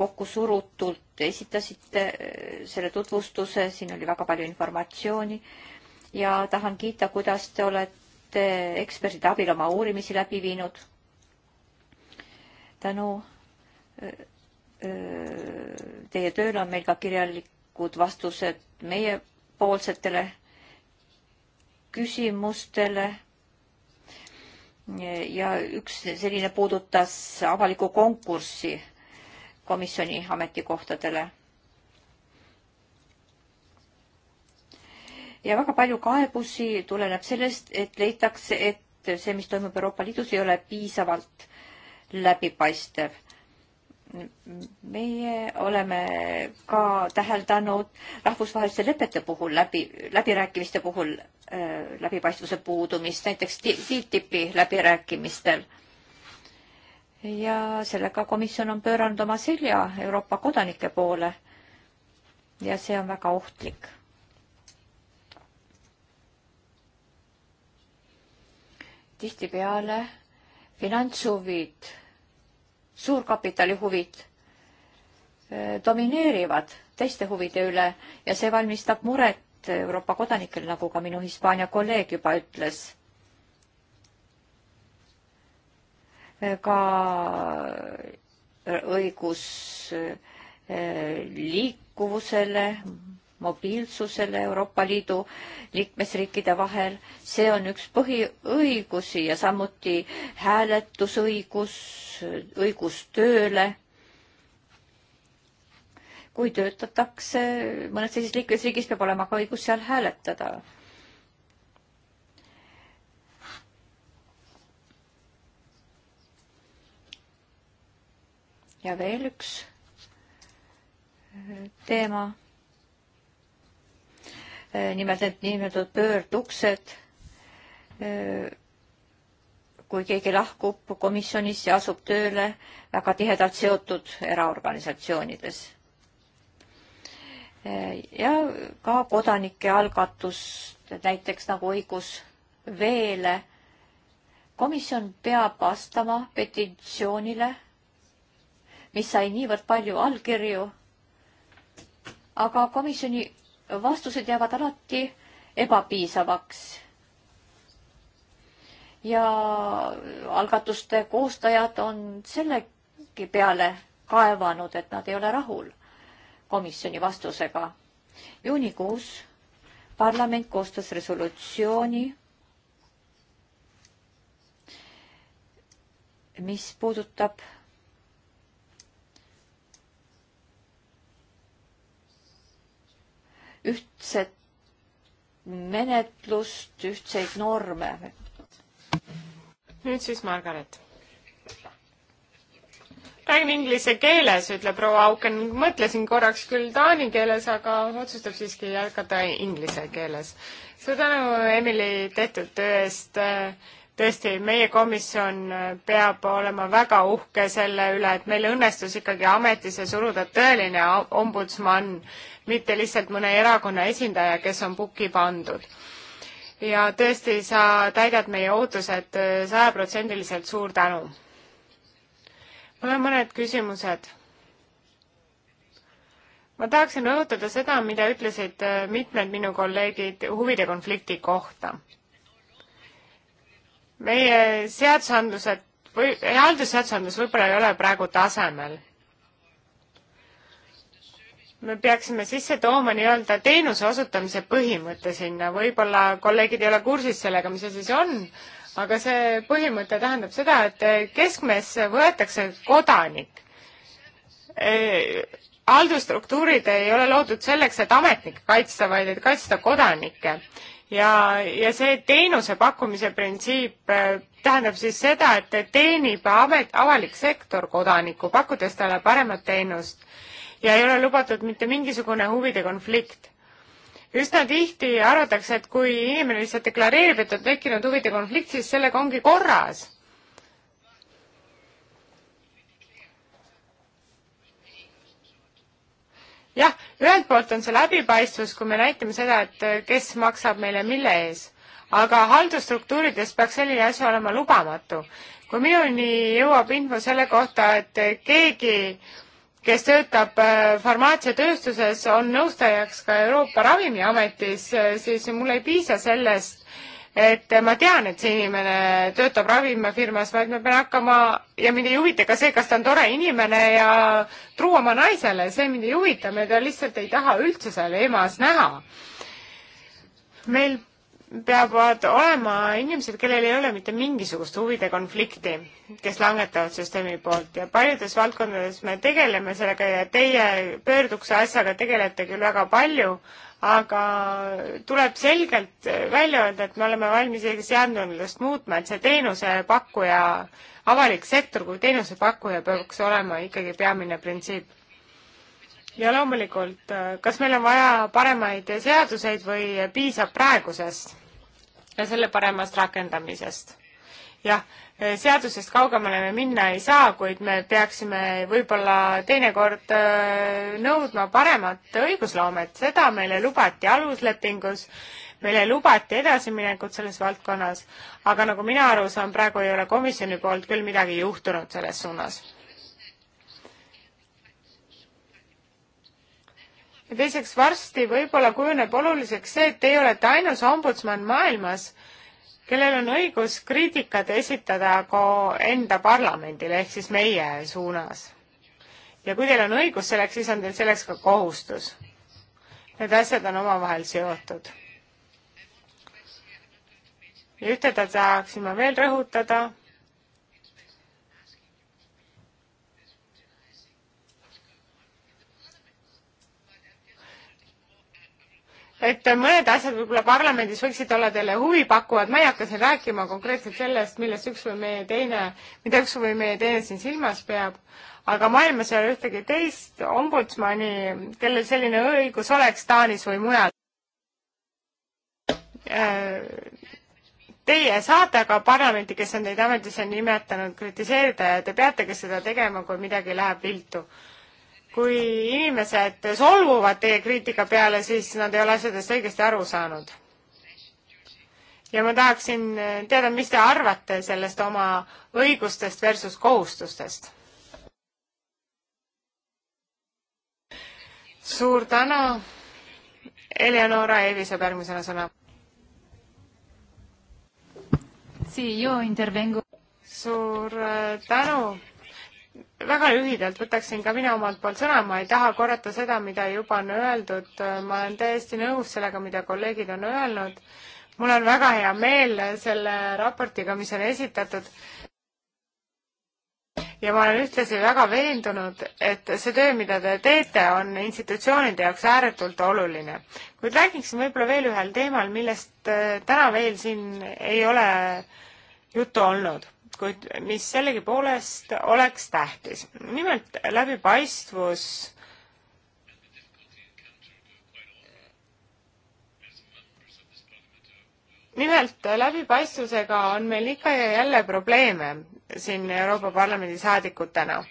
kokkusurutult esitasite selle tutvustuse, siin oli väga palju informatsiooni ja tahan kiita, kuidas te olete ekspertide abil oma uurimisi läbi viinud. tänu teie tööle on meil ka kirjalikud vastused meiepoolsetele küsimustele. ja üks selline puudutas avalikku konkurssi komisjoni ametikohtadele. ja väga palju kaebusi tuleneb sellest, et leitakse, et see, mis toimub Euroopa Liidus, ei ole piisavalt läbipaistev meie oleme ka täheldanud rahvusvaheliste lepete puhul läbi, läbirääkimiste puhul äh, läbipaistvuse puudumist, näiteks TTIP-i läbirääkimistel. ja sellega komisjon on pööranud oma selja Euroopa kodanike poole. ja see on väga ohtlik. tihtipeale finantshuvid suurkapitali huvid eh, domineerivad teiste huvide üle ja see valmistab muret Euroopa kodanikel, nagu ka minu Hispaania kolleeg juba ütles. Eh, ka õigus eh, liikuvusele, mobiilsusele Euroopa Liidu liikmesriikide vahel. see on üks põhiõigusi ja samuti hääletusõigus, õigus tööle. kui töötatakse mõnes teises liikmesriigis, peab olema ka õigus seal hääletada. ja veel üks teema Äh, nimelt need niinimetatud pöörduksed, äh, kui keegi lahkub komisjonist ja asub tööle väga tihedalt seotud eraorganisatsioonides. Äh, ja ka kodanike algatust, näiteks nagu õigus veele. komisjon peab vastama petitsioonile, mis sai niivõrd palju allkirju, aga komisjoni vastused jäävad alati ebapiisavaks. ja algatuste koostajad on sellegi peale kaevanud, et nad ei ole rahul komisjoni vastusega. juunikuus parlament koostas resolutsiooni, mis puudutab ühtset menetlust, ühtseid norme. nüüd siis Margaret. räägin inglise keeles, ütleb proua Auken. mõtlesin korraks küll taani keeles, aga otsustab siiski jätkata inglise keeles. suur tänu, Emily, tehtud töö eest tõesti, meie komisjon äh, peab olema väga uhke selle üle, et meil õnnestus ikkagi ametisse suruda tõeline ombudsman, mitte lihtsalt mõne erakonna esindaja, kes on pukki pandud. ja tõesti, sa täidad meie ootused äh, sajaprotsendiliselt, suur tänu! mul on mõned küsimused. ma tahaksin rõhutada seda, mida ütlesid äh, mitmed minu kolleegid huvide konflikti kohta meie seadusandlused või haldusseadusandlus võib-olla ei ole praegu tasemel. me peaksime sisse tooma nii-öelda teenuse osutamise põhimõtte sinna, võib-olla kolleegid ei ole kursis sellega, mis see siis on, aga see põhimõte tähendab seda, et keskmesse võetakse kodanik e, haldusstruktuurid ei ole loodud selleks, et ametnikke kaitsta, vaid et kaitsta kodanikke ja, ja see teenuse pakkumise printsiip äh, tähendab siis seda, et teenib amet, avalik sektor kodanikku, pakkudes talle paremat teenust ja ei ole lubatud mitte mingisugune huvide konflikt üsna tihti arvatakse, et kui inimene lihtsalt deklareerib, et on tekkinud huvide konflikt, siis sellega ongi korras jah, ühelt poolt on see läbipaistvus, kui me näitame seda, et äh, kes maksab meile mille ees, aga haldusstruktuurides peaks selline asi olema lubamatu. kui minuni jõuab info selle kohta, et äh, keegi, kes töötab äh, farmaatsiatööstuses, on nõustajaks ka Euroopa Ravimiametis, siis mul ei piisa sellest, et ma tean, et see inimene töötab ravimifirmas, vaid ma pean hakkama ja mind ei huvita ka see, kas ta on tore inimene ja truu oma naisele, see mind ei huvita, me ta lihtsalt ei taha üldse seal EMA-s näha. meil peavad olema inimesed, kellel ei ole mitte mingisugust huvide konflikti, kes langetavad süsteemi poolt ja paljudes valdkondades me tegeleme sellega ja teie pöördukse asjaga tegelete küll väga palju, aga tuleb selgelt välja öelda, et me oleme valmis seadmenõudest muutma, et see teenusepakkuja, avalik sektor kui teenusepakkuja peaks olema ikkagi peamine printsiip. ja loomulikult, kas meil on vaja paremaid seaduseid või piisab praegusest ja selle paremast rakendamisest? jah, eh, seadusest kaugemale me minna ei saa, kuid me peaksime võib-olla teinekord eh, nõudma paremat õigusloomet, seda meile lubati aluslepingus, meile lubati edasiminekut selles valdkonnas, aga nagu mina aru saan, praegu ei ole komisjoni poolt küll midagi juhtunud selles suunas. ja teiseks, varsti võib-olla kujuneb oluliseks see, et teie olete ainus ombudsman maailmas kellel on õigus kriitikat esitada ka enda parlamendile ehk siis meie suunas. ja kui teil on õigus selleks, siis on teil selleks ka kohustus. Need asjad on omavahel seotud. ja ühte tahaksin ma veel rõhutada et mõned asjad võib-olla parlamendis võiksid olla teile huvipakkuvad, ma ei hakka siin rääkima konkreetselt sellest, millest üks või meie teine, mida üks või meie teine siin silmas peab, aga maailmas ei ole ühtegi teist ombudsmani, kellel selline õigus oleks Taanis või mujal. Äh, teie saate aga parlamenti, kes on teid ametisse nimetanud, kritiseerida ja te peategi seda tegema, kui midagi läheb viltu kui inimesed solvuvad teie kriitika peale, siis nad ei ole asjadest õigesti aru saanud. ja ma tahaksin teada, mis te arvate sellest oma õigustest versus kohustustest? suur tänu, Eleonora Eevi saab järgmisena sõna. suur äh, tänu väga lühidalt võtaksin ka mina omalt poolt sõna, ma ei taha korrata seda, mida juba on öeldud, ma olen täiesti nõus sellega, mida kolleegid on öelnud. mul on väga hea meel selle raportiga, mis on esitatud. ja ma olen ühtlasi väga veendunud, et see töö, mida te teete, on institutsioonide jaoks ääretult oluline. kuid räägiksin võib-olla veel ühel teemal, millest äh, täna veel siin ei ole juttu olnud küsimust, kuid mis sellegipoolest oleks tähtis. nimelt läbipaistvus nimelt läbipaistvusega on meil ikka ja jälle probleeme siin Euroopa Parlamendi saadikutena.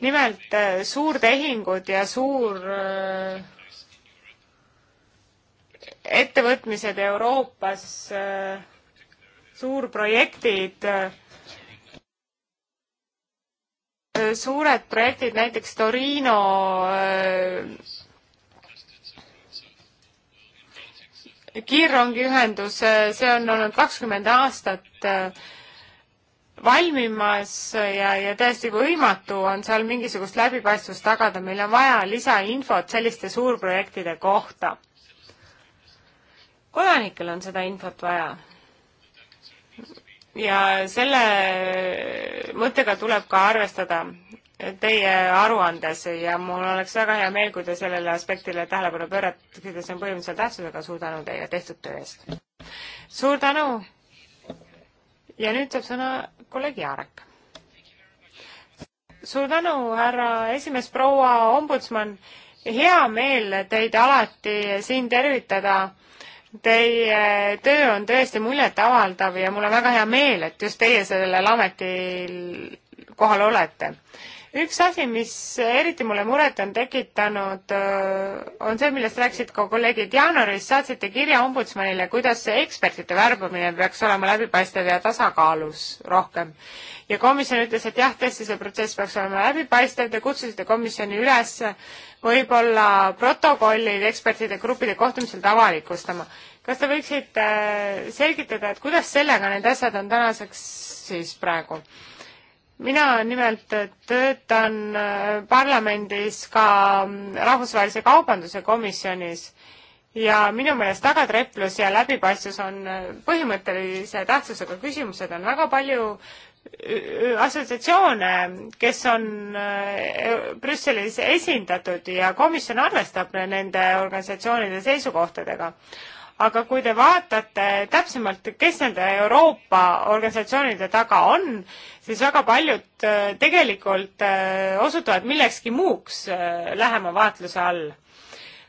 nimelt äh, suurtehingud ja suur äh, ettevõtmised Euroopas, äh, suurprojektid Äh, suured projektid, näiteks Torino äh, kiirrongiühendus, äh, see on olnud kakskümmend aastat valmimas ja, ja täiesti võimatu on seal mingisugust läbipaistvust tagada, meil on vaja lisainfot selliste suurprojektide kohta. kodanikel on seda infot vaja ja selle mõttega tuleb ka arvestada teie aruandes ja mul oleks väga hea meel, kui te sellele aspektile tähelepanu pööraksite, see on põhimõtteliselt tähtsusega, suur tänu teile tehtud töö eest. suur tänu! ja nüüd saab sõna kolleeg Jaarek. suur tänu, härra esimees, proua ombudsman, hea meel teid alati siin tervitada Teie töö on tõesti muljetavaldav ja mul on väga hea meel, et just teie sellel ametil kohal olete üks asi, mis eriti mulle muret on tekitanud, on see, millest rääkisid ka kolleegid jaanuaris, saatsite kirja ombudsmanile, kuidas see ekspertide värbamine peaks olema läbipaistev ja tasakaalus rohkem. ja komisjon ütles, et jah, tõesti, see protsess peaks olema läbipaistev, te kutsusite komisjoni üles võib-olla protokollid ekspertide gruppide kohtumiselt avalikustama. kas te võiksite äh, selgitada, et kuidas sellega need asjad on tänaseks siis praegu? mina nimelt töötan äh, parlamendis ka mm, Rahvusvahelise Kaubanduse Komisjonis ja minu meelest tagantreplus ja läbipaistvus on äh, põhimõttelise tähtsusega küsimused, on väga palju äh, assotsiatsioone, kes on e-, Brüsselis esindatud ja komisjon arvestab nende organisatsioonide seisukohtadega aga kui te vaatate täpsemalt, kes nende Euroopa organisatsioonide taga on, siis väga paljud äh, tegelikult äh, osutuvad millekski muuks äh, lähema vaatluse all.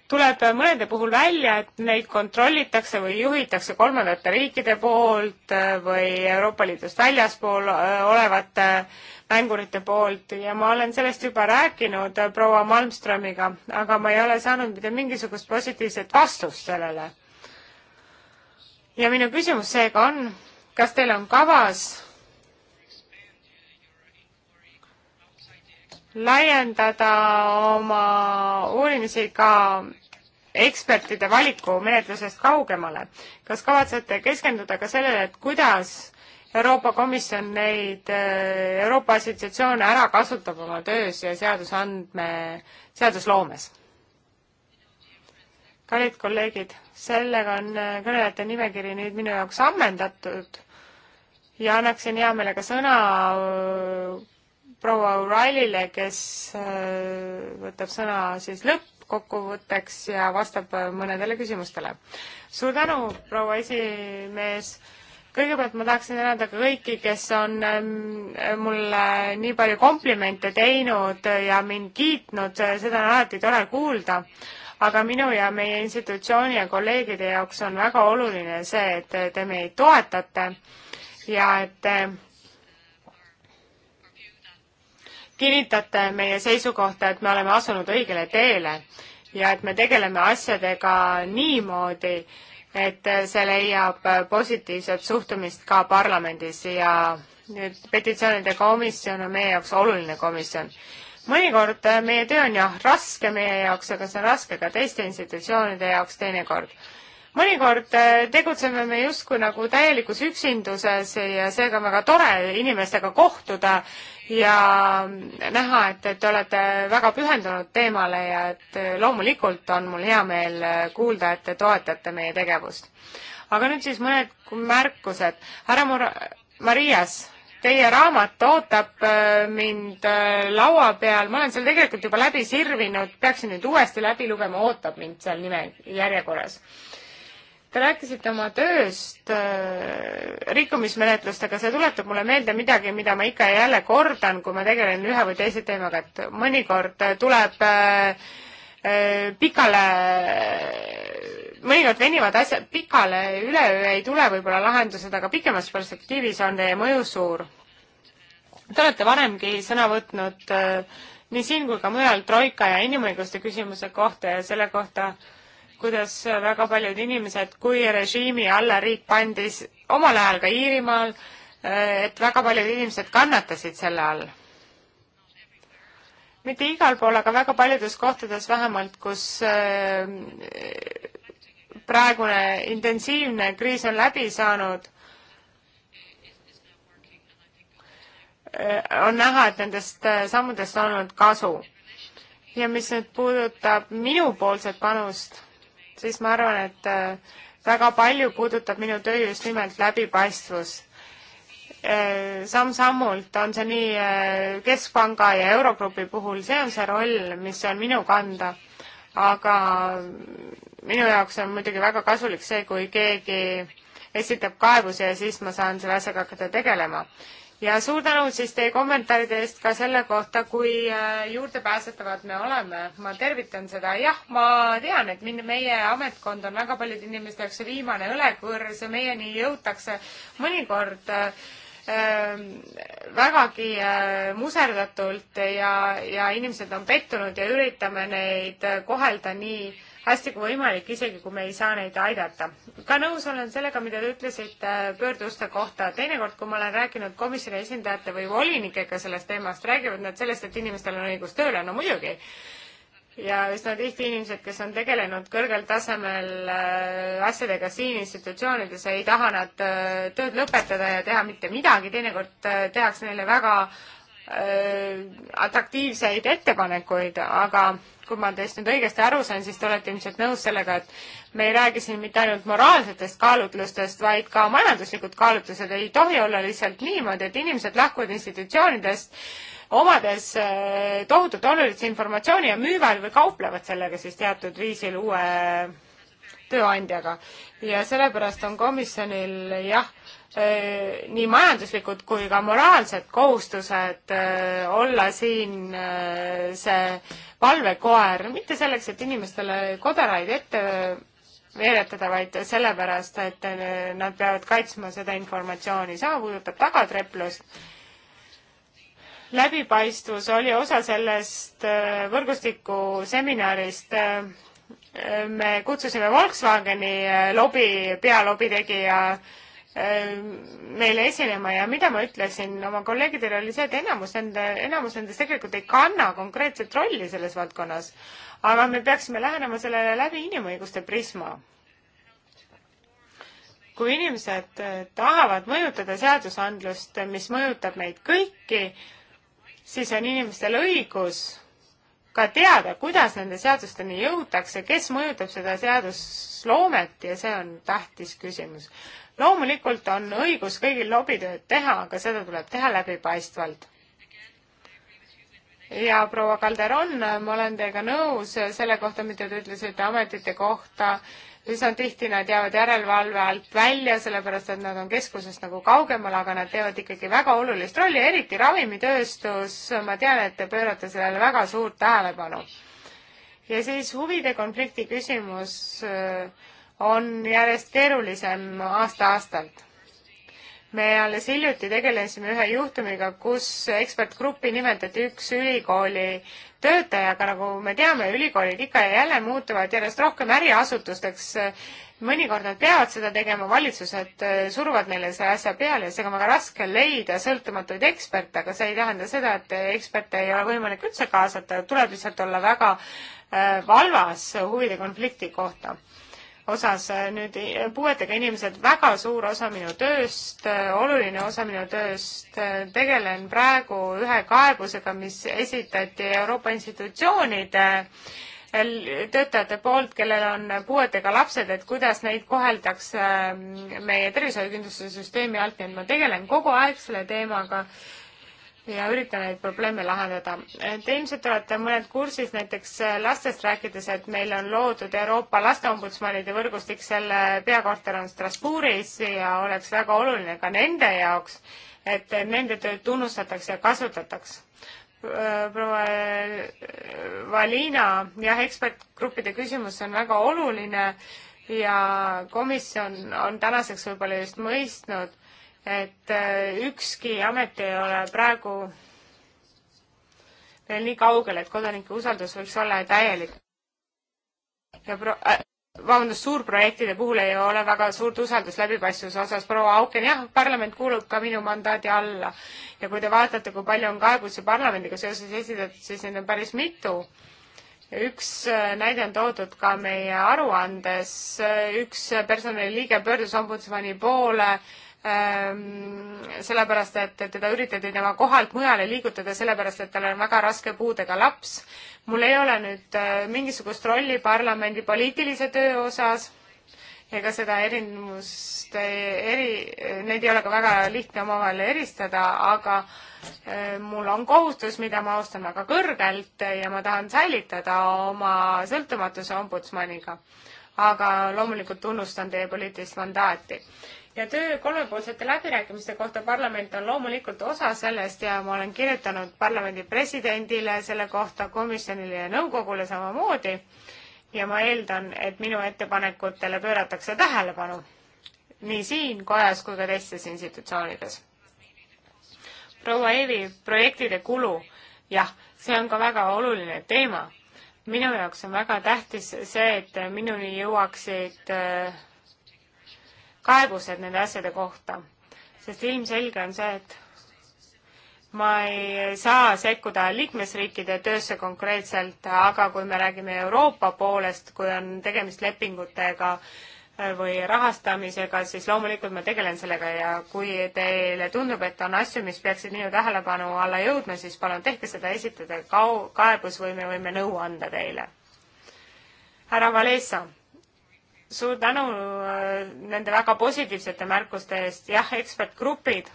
tuleb mõnede puhul välja, et neid kontrollitakse või juhitakse kolmandate riikide poolt või Euroopa Liidust väljaspool olevate mängurite poolt ja ma olen sellest juba rääkinud proua Malmströmiga, aga ma ei ole saanud mitte mingisugust positiivset vastust sellele ja minu küsimus seega on, kas teil on kavas laiendada oma uurimisi ka ekspertide valiku menetlusest kaugemale. kas kavatsete keskenduda ka sellele, et kuidas Euroopa Komisjon neid äh, Euroopa assotsiatsioone ära kasutab oma töös ja seadusandme, seadusloomes? kallid kolleegid sellega on äh, kõnelejate nimekiri nüüd minu jaoks ammendatud ja annaksin hea meelega sõna äh, proua O'Reillyle, kes äh, võtab sõna siis lõppkokkuvõtteks ja vastab mõnedele küsimustele. suur tänu, proua esimees kõigepealt ma tahaksin tänada ka kõiki, kes on ähm, mulle nii palju komplimente teinud ja mind kiitnud, seda on alati tore kuulda aga minu ja meie institutsiooni ja kolleegide jaoks on väga oluline see, et te meid toetate ja et te kinnitate meie seisukohta, et me oleme asunud õigele teele ja et me tegeleme asjadega niimoodi, et see leiab positiivset suhtumist ka parlamendis ja nüüd petitsioonide komisjon on meie jaoks oluline komisjon mõnikord äh, meie töö on jah raske meie jaoks, aga see on raske ka teiste institutsioonide jaoks teinekord. mõnikord äh, tegutseme me justkui nagu täielikus üksinduses ja seega on väga tore inimestega kohtuda ja äh, näha, et, et te olete väga pühendunud teemale ja et loomulikult on mul hea meel kuulda, et te toetate meie tegevust. aga nüüd siis mõned märkused. härra Mor-, Marias Teie raamat ootab äh, mind äh, laua peal, ma olen seal tegelikult juba läbi sirvinud, peaksin nüüd uuesti läbi lugema, ootab mind seal nimejärjekorras. Te rääkisite oma tööst äh, rikkumismenetlustega, see tuletab mulle meelde midagi, mida ma ikka ja jälle kordan, kui ma tegelen ühe või teise teemaga, et mõnikord tuleb äh, Äh, pikale, mõnikord venivad asjad pikale, üleöö ei tule võib-olla lahendused, aga pikemas perspektiivis on teie mõju suur. Te olete varemgi sõna võtnud äh, nii siin kui ka mujal troika ja inimõiguste küsimuse kohta ja selle kohta, kuidas väga paljud inimesed, kui režiimi alla riik pandi, omal ajal ka Iirimaal, äh, et väga paljud inimesed kannatasid selle all mitte igal pool, aga väga paljudes kohtades vähemalt, kus äh, praegune intensiivne kriis on läbi saanud, äh, on näha, et nendest äh, sammudest on olnud kasu. ja mis nüüd puudutab minupoolset panust, siis ma arvan, et väga palju puudutab minu töö just nimelt läbipaistvust Eh, samm-sammult, on see nii eh, Keskpanga ja Eurogrupi puhul, see on see roll, mis on minu kanda. aga minu jaoks on muidugi väga kasulik see, kui keegi esitab kaebuse ja siis ma saan selle asjaga hakata tegelema. ja suur tänu siis teie kommentaaride eest ka selle kohta, kui eh, juurdepääsetavad me oleme. ma tervitan seda, jah, ma tean, et mind, meie ametkond on väga paljude inimeste jaoks viimane õlekõrs ja meieni jõutakse mõnikord äh, Ehm, vägagi äh, muserdatult ja, ja inimesed on pettunud ja üritame neid äh, kohelda nii hästi kui võimalik, isegi kui me ei saa neid aidata. ka nõus olen sellega, mida te ütlesite äh, pöörduste kohta. teinekord, kui ma olen rääkinud komisjoni esindajate või volinikega sellest teemast, räägivad nad sellest, et inimestel on õigus tööle. no muidugi ja üsna tihti inimesed, kes on tegelenud kõrgel tasemel äh, asjadega siin institutsioonides, ei taha nad äh, tööd lõpetada ja teha mitte midagi, teinekord äh, tehakse neile väga atraktiivseid ettepanekuid, aga kui ma teist nüüd õigesti aru sain, siis te olete ilmselt nõus sellega, et me ei räägi siin mitte ainult moraalsetest kaalutlustest, vaid ka majanduslikud kaalutlused ei tohi olla lihtsalt niimoodi, et inimesed lahkuvad institutsioonidest, omades äh, tohutult olulist informatsiooni ja müüvad või kauplevad sellega siis teatud viisil uue tööandjaga. ja sellepärast on komisjonil jah, äh, nii majanduslikud kui ka moraalsed kohustused äh, olla siin see valvekoer, mitte selleks, et inimestele kodaraid ette veeretada, vaid sellepärast, et nad peavad kaitsma seda informatsiooni. sama puudutab tagatreplust. läbipaistvus oli osa sellest äh, võrgustiku seminarist. Äh, me kutsusime Volkswageni äh, lobi, pealobi tegija meile esinema ja mida ma ütlesin oma kolleegidele oli see, et enamus nende, enamus nendest tegelikult ei kanna konkreetset rolli selles valdkonnas aga me peaksime lähenema sellele läbi inimõiguste prisma. kui inimesed äh, tahavad mõjutada seadusandlust, mis mõjutab meid kõiki, siis on inimestel õigus ka teada, kuidas nende seadusteni jõutakse, kes mõjutab seda seadusloomet ja see on tähtis küsimus. loomulikult on õigus kõigil lobitööd teha, aga seda tuleb teha läbipaistvalt ja proua Calderon, ma olen teiega nõus selle kohta, mida te ütlesite ametite kohta. üsna tihti nad jäävad järelevalve alt välja, sellepärast et nad on keskusest nagu kaugemal, aga nad teevad ikkagi väga olulist rolli, eriti ravimitööstus. ma tean, et te pöörate sellele väga suurt tähelepanu. ja siis huvide konflikti küsimus äh, on järjest keerulisem aasta-aastalt me alles hiljuti tegelesime ühe juhtumiga, kus ekspertgruppi nimetati üks ülikooli töötaja, aga nagu me teame, ülikoolid ikka ja jälle muutuvad järjest rohkem äriasutusteks. mõnikord nad peavad seda tegema, valitsused äh, suruvad neile selle asja peale ja seega on väga raske leida sõltumatuid eksperte, aga see ei tähenda seda, et eksperte ei ole võimalik üldse kaasata, tuleb lihtsalt olla väga äh, valvas huvide konflikti kohta osas äh, nüüd äh, puuetega inimesed, väga suur osa minu tööst, äh, oluline osa minu tööst, tegelen praegu ühe kaebusega, mis esitati Euroopa institutsioonide töötajate poolt, kellel on puuetega lapsed, et kuidas neid koheldakse ähm, meie tervishoiukindlustussüsteemi alt, nii et ma tegelen kogu aeg selle teemaga ja üritan neid probleeme lahendada. Te ilmselt olete mõned kursis näiteks lastest rääkides, et meil on loodud Euroopa lasteombudsmanide võrgustik, selle peakorter on Strasbourgis ja oleks väga oluline ka nende jaoks, et nende tööd tunnustataks ja kasutataks. proua Valina, jah, ekspertgruppide küsimus on väga oluline ja komisjon on tänaseks võib-olla just mõistnud, et äh, ükski amet ei ole praegu veel nii kaugel, et kodanike usaldus võiks olla täielik. ja pro-, äh, vabandust, suurprojektide puhul ei ole väga suurt usaldust läbipaistvuse osas. proua Auken, jah, parlament kuulub ka minu mandaadi alla ja kui te vaatate, kui palju on kaebusi parlamendiga seoses esitatud, siis neid on päris mitu üks äh, näide on toodud ka meie aruandes, äh, üks personaliliige pöördus ombudsmani poole Ehm, sellepärast, et teda üritati tema kohalt mujale liigutada, sellepärast et tal on väga raske puudega laps. mul ei ole nüüd äh, mingisugust rolli parlamendi poliitilise töö osas ega seda erinevust eri, neid ei ole ka väga lihtne omavahel eristada, aga äh, mul on kohustus, mida ma austan väga kõrgelt ja ma tahan säilitada oma sõltumatuse ombudsmaniga. aga loomulikult tunnustan teie poliitilist mandaati ja töö kolmepoolsete läbirääkimiste kohta parlament on loomulikult osa sellest ja ma olen kirjutanud parlamendi presidendile selle kohta, komisjonile ja nõukogule samamoodi. ja ma eeldan, et minu ettepanekutele pööratakse tähelepanu nii siin kojas kui ka teistes institutsioonides. proua Eevi, projektide kulu, jah, see on ka väga oluline teema minu jaoks on väga tähtis see, et minuni jõuaksid äh, kaebused nende asjade kohta, sest ilmselge on see, et ma ei saa sekkuda liikmesriikide töösse konkreetselt, aga kui me räägime Euroopa poolest, kui on tegemist lepingutega, või rahastamisega, siis loomulikult ma tegelen sellega ja kui teile tundub, et on asju, mis peaksid minu tähelepanu alla jõudma, siis palun tehke seda, esitage kao-, kaebus või me võime nõu anda teile. härra Valesa, suur tänu äh, nende väga positiivsete märkuste eest, jah, ekspertgrupid.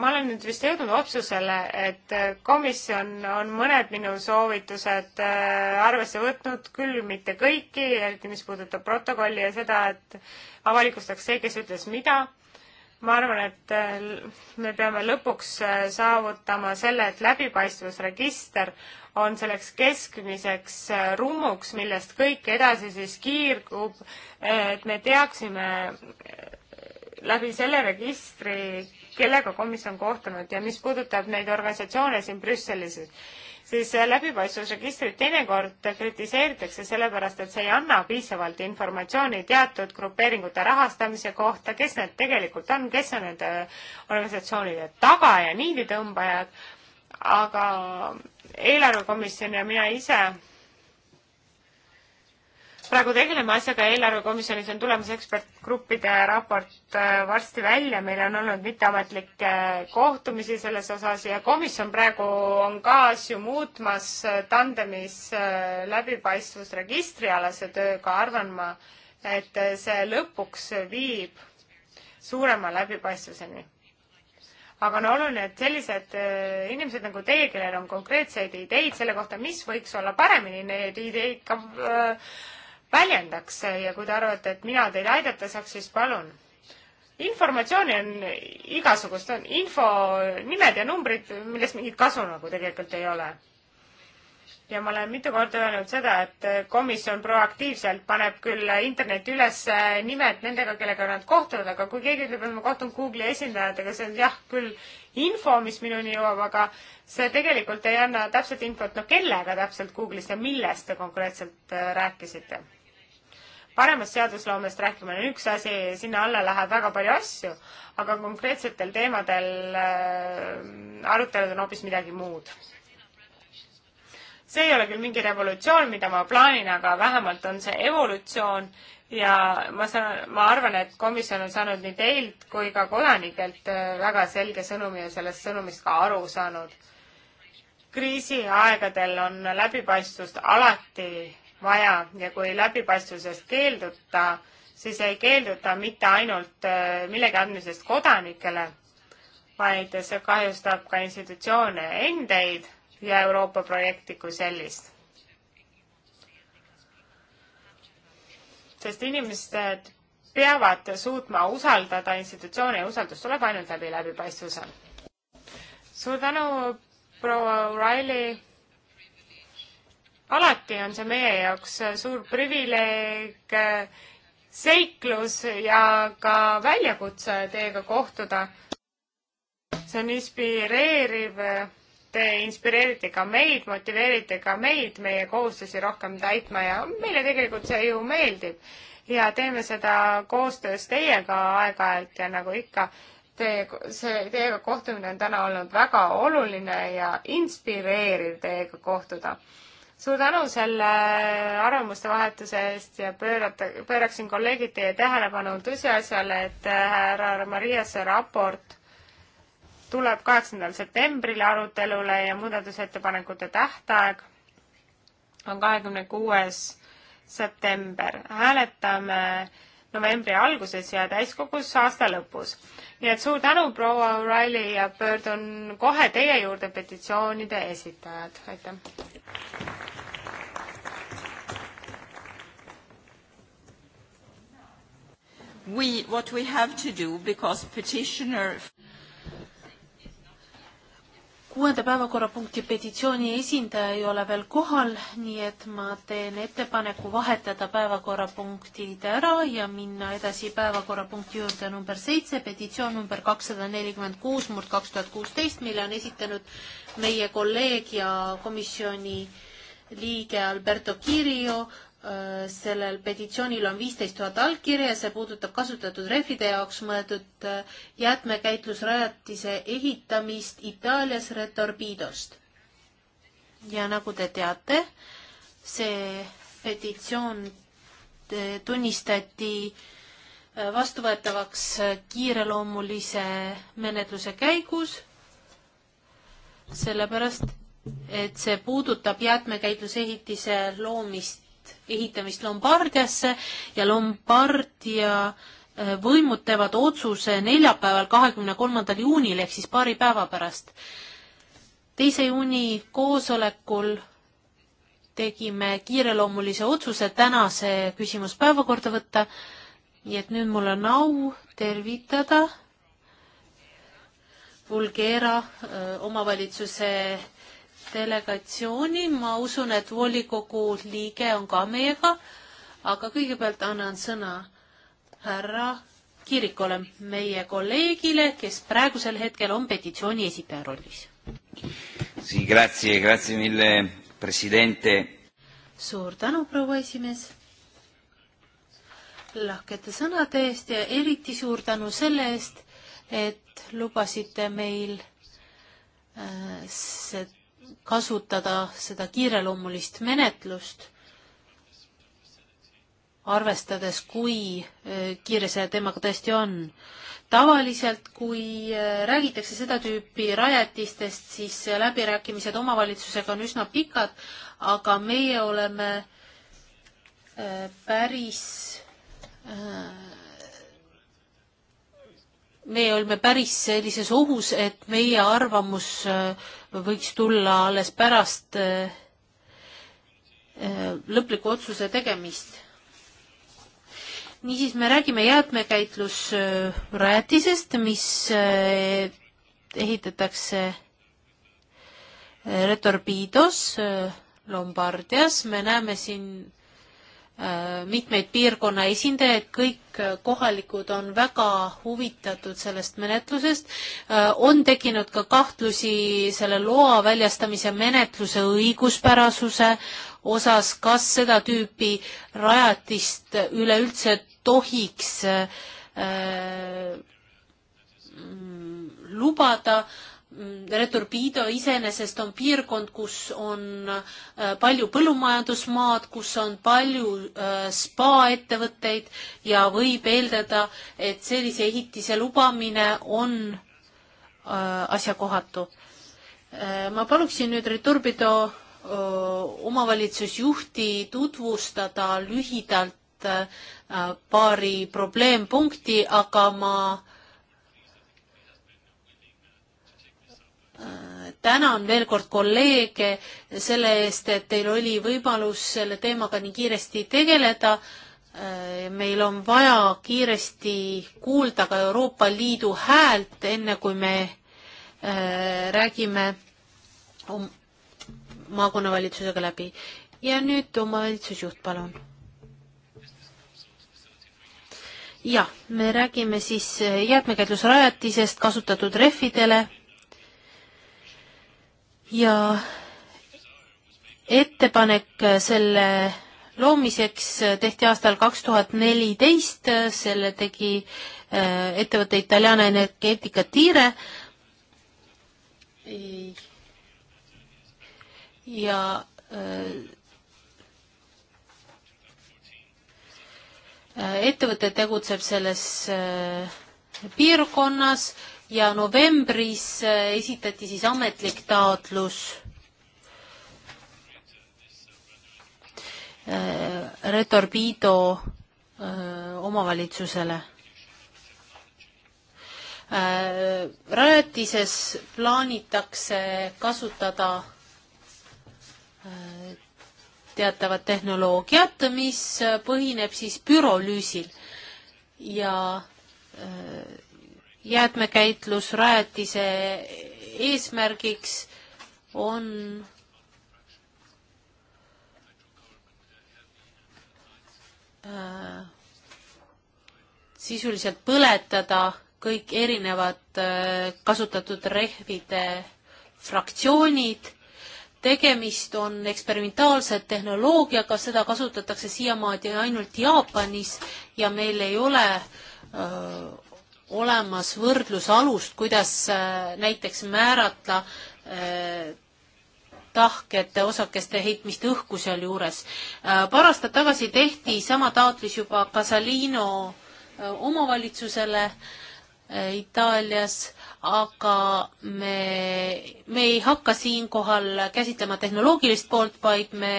ma olen nüüd vist jõudnud otsusele, et äh, komisjon on mõned minu soovitused äh, arvesse võtnud, küll mitte kõiki, eriti mis puudutab protokolli ja seda, et avalikustaks see, kes ütles mida ma arvan, et me peame lõpuks saavutama selle, et läbipaistvusregister on selleks keskmiseks äh, rummuks, millest kõik edasi siis kiirgub, et me teaksime äh, läbi selle registri, kellega komisjon kohtunud ja mis puudutab neid organisatsioone siin Brüsselis, siis äh, läbipaistvusregistrit teinekord kritiseeritakse sellepärast, et see ei anna piisavalt informatsiooni teatud grupeeringute rahastamise kohta, kes need tegelikult on, kes on nende organisatsioonide taga ja niiditõmbajad aga eelarvekomisjon ja mina ise praegu tegeleme asjaga ja eelarvekomisjonis on tulemas ekspertgruppide raport äh, varsti välja, meil on olnud mitteametlikke kohtumisi selles osas ja komisjon praegu on ka asju muutmas äh, tandemis äh, läbipaistvusregistrialase tööga, arvan ma, et see lõpuks viib suurema läbipaistvuseni aga on oluline, et sellised äh, inimesed nagu teie, kellel on konkreetseid ideid selle kohta, mis võiks olla paremini, need ideid ka äh, väljendaks ja kui te arvate, et mina teid aidata saaks, siis palun informatsiooni on igasugust, on info, nimed ja numbrid, millest mingit kasu nagu tegelikult ei ole ja ma olen mitu korda öelnud seda, et komisjon proaktiivselt paneb küll interneti üles nimed nendega, kellega nad kohtuvad, aga kui keegi ütleb, et ma kohtun Google'i esindajatega, see on jah küll info, mis minuni jõuab, aga see tegelikult ei anna täpset infot, no kellega täpselt Google'is ja millest te konkreetselt äh, rääkisite. paremast seadusloomest rääkimine on üks asi, sinna alla läheb väga palju asju, aga konkreetsetel teemadel äh, arutelud on hoopis midagi muud see ei ole küll mingi revolutsioon, mida ma plaanin, aga vähemalt on see evolutsioon ja ma saan, ma arvan, et komisjon on saanud nii teilt kui ka kodanikelt äh, väga selge sõnumi ja sellest sõnumist ka aru saanud. kriisiaegadel on läbipaistvust alati vaja ja kui läbipaistvusest keelduta, siis ei keelduta mitte ainult äh, millegi andmisest kodanikele, vaid see kahjustab ka institutsioone endeid ja Euroopa projekti kui sellist. sest inimesed peavad suutma usaldada institutsioone ja usaldus tuleb ainult läbi läbipaistvuse. suur tänu, proua O'Reilly. alati on see meie jaoks suur privileeg, seiklus ja ka väljakutse teiega kohtuda. see on inspireeriv te eh, inspireerite ka meid, motiveerite ka meid meie kohustusi rohkem täitma ja meile tegelikult see ju meeldib. ja teeme seda koostöös teiega aeg-ajalt ja nagu ikka, teie, see teiega kohtumine on täna olnud väga oluline ja inspireeriv teiega kohtuda. suur tänu selle arvamuste vahetuse eest ja pöörata, pööraksin kolleegid teie tähelepanu tõsiasjale, et eh, härra Mariase raport tuleb kaheksandal septembril arutelule ja muudatusettepanekute tähtaeg on kahekümne kuues september. hääletame novembri alguses ja täiskogus aasta lõpus. nii et suur tänu, proua O'Reilly ja pöördun kohe teie juurde, petitsioonide esitajad, aitäh. We, what we have to do because petitioner kuuenda päevakorrapunkti petitsiooni esindaja ei ole veel kohal, nii et ma teen ettepaneku vahetada päevakorrapunktid ära ja minna edasi päevakorrapunkti juurde number seitse, petitsioon number kakssada nelikümmend kuus murd kaks tuhat kuusteist, mille on esitanud meie kolleeg ja komisjoni liige Alberto Kirio Äh, sellel petitsioonil on viisteist tuhat allkirja ja see puudutab kasutatud rehvide jaoks mõeldud äh, jäätmekäitlusrajatise ehitamist Itaalias Retorbidost. ja nagu te teate, see petitsioon äh, tunnistati vastuvõetavaks kiireloomulise menetluse käigus, sellepärast et see puudutab jäätmekäitlusehitise loomist ehitamist Lombardiasse ja Lombardia äh, võimud teevad otsuse neljapäeval, kahekümne kolmandal juunil ehk siis paari päeva pärast. teise juuni koosolekul tegime kiireloomulise otsuse tänase küsimus päevakorda võtta. nii et nüüd mul on au tervitada Bulgeeria äh, omavalitsuse delegatsiooni, ma usun, et volikogu liige on ka meiega, aga kõigepealt annan sõna härra Kirikule, meie kolleegile, kes praegusel hetkel on petitsiooni esitaja rollis. Sì, grazie, grazie mille, presidente. suur tänu, proua esimees. lahkete sõnade eest ja eriti suur tänu selle eest, et lubasite meil äh, seda kasutada seda kiireloomulist menetlust, arvestades, kui eh, kiire see teemaga tõesti on. tavaliselt, kui eh, räägitakse seda tüüpi rajatistest, siis läbirääkimised omavalitsusega on üsna pikad, aga meie oleme eh, päris me olime päris sellises ohus, et meie arvamus võiks tulla alles pärast eh, eh, lõpliku otsuse tegemist. niisiis, me räägime jäätmekäitlusrajatisest, mis eh, ehitatakse Retorbidos Lombardias, me näeme siin Äh, mitmeid piirkonna esindajaid, kõik äh, kohalikud on väga huvitatud sellest menetlusest. Äh, on tekkinud ka kahtlusi selle loa väljastamise menetluse õiguspärasuse osas, kas seda tüüpi rajatist üleüldse tohiks äh, lubada äh, Mm, Returbido iseenesest on piirkond, kus on äh, palju põllumajandusmaad, kus on palju äh, spaaettevõtteid ja võib eeldada, et sellise ehitise lubamine on äh, asjakohatu. ma paluksin nüüd Returbido omavalitsusjuhti tutvustada lühidalt paari probleempunkti, aga ma tänan veel kord kolleege selle eest, et teil oli võimalus selle teemaga nii kiiresti tegeleda. Äh, meil on vaja kiiresti kuulda ka Euroopa Liidu häält, enne kui me äh, räägime um-, maakonnavalitsusega läbi. ja nüüd omavalitsusjuht, palun. jah, me räägime siis jäätmekäitlusrajatisest kasutatud rehvidele ja ettepanek selle loomiseks tehti aastal kaks tuhat neliteist, selle tegi äh, ettevõte Italiana Energetica Tire. ja äh, ettevõte tegutseb selles äh, piirkonnas ja novembris äh, esitati siis ametlik taotlus äh, Retorbido äh, omavalitsusele. rajatises plaanitakse kasutada teatavat tehnoloogiat, mis põhineb siis pürolüüsil ja jäätmekäitlusrajatise eesmärgiks on äh, sisuliselt põletada kõik erinevad äh, kasutatud rehvide fraktsioonid. tegemist on eksperimentaalse tehnoloogiaga, seda kasutatakse siiamaani ainult Jaapanis ja meil ei ole äh, olemas võrdlusalust, kuidas äh, näiteks määrata äh, tahkete osakeste heitmist õhku sealjuures. Äh, paar aastat tagasi tehti sama taotlus juba Casalino omavalitsusele Itaalias, aga me, me ei hakka siinkohal käsitlema tehnoloogilist poolt, vaid me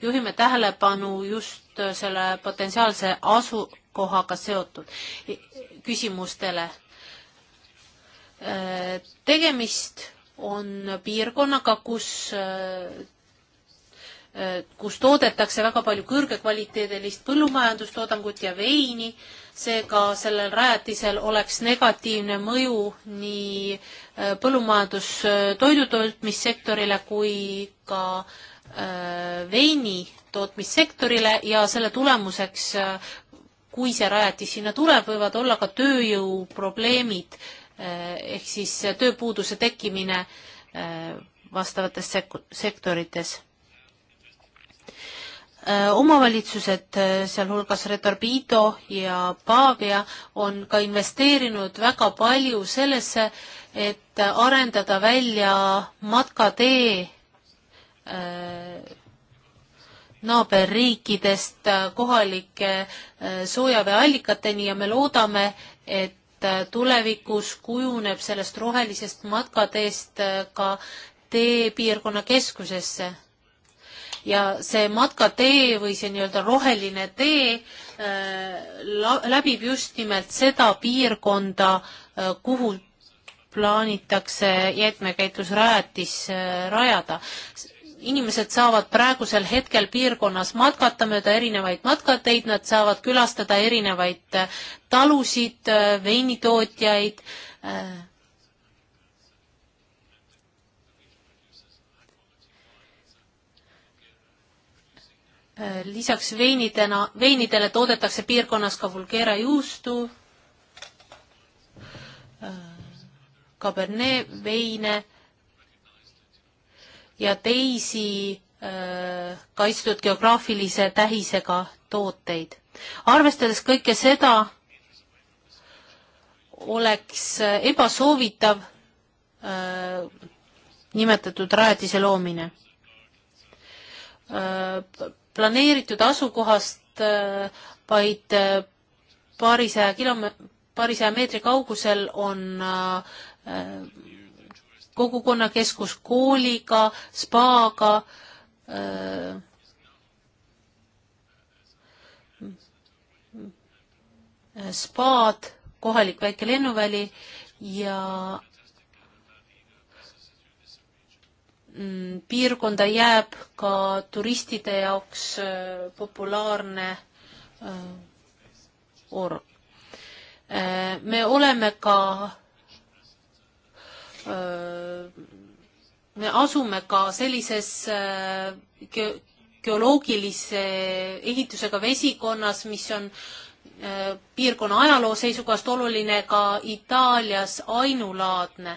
juhime tähelepanu just selle potentsiaalse asu, kohaga seotud küsimustele. tegemist on piirkonnaga, kus kus toodetakse väga palju kõrgekvaliteedilist põllumajandustoodangut ja veini, seega sellel rajatisel oleks negatiivne mõju nii äh, põllumajandustoidutootmissektorile kui ka äh, veini tootmissektorile ja selle tulemuseks äh, kui see rajatis sinna tuleb, võivad olla ka tööjõuprobleemid eh, ehk siis tööpuuduse tekkimine eh, vastavates sektorites. Eh, omavalitsused, sealhulgas Retorbido ja Pavia, on ka investeerinud väga palju sellesse, et arendada välja matkatee naaberriikidest äh, kohalike äh, soojaveeallikateni ja me loodame, et äh, tulevikus kujuneb sellest rohelisest matkateest ka tee piirkonna keskusesse. ja see matkatee või see nii-öelda roheline tee läbib just nimelt seda piirkonda, kuhu plaanitakse jäätmekäitlusrajatis rajada inimesed saavad praegusel hetkel piirkonnas matkata mööda erinevaid matkateid, nad saavad külastada erinevaid äh, talusid, äh, veinitootjaid. Äh, lisaks veinidena, veinidele toodetakse piirkonnas ka vulgeera juustu, Cabernet veine ja teisi äh, kaitstud geograafilise tähisega tooteid. arvestades kõike seda, oleks äh, ebasoovitav äh, nimetatud rajatise loomine äh,. planeeritud asukohast äh, vaid äh, paarisaja kilome-, paarisaja meetri kaugusel on kogukonnakeskus kooliga, spaaga äh,. spaad, kohalik väike lennuväli ja mm, piirkonda jääb ka turistide jaoks äh, populaarne äh, org. Äh, me oleme ka me asume ka sellises ge geoloogilise ehitusega vesikonnas, mis on piirkonna ajaloo seisukohast oluline ka Itaalias ainulaadne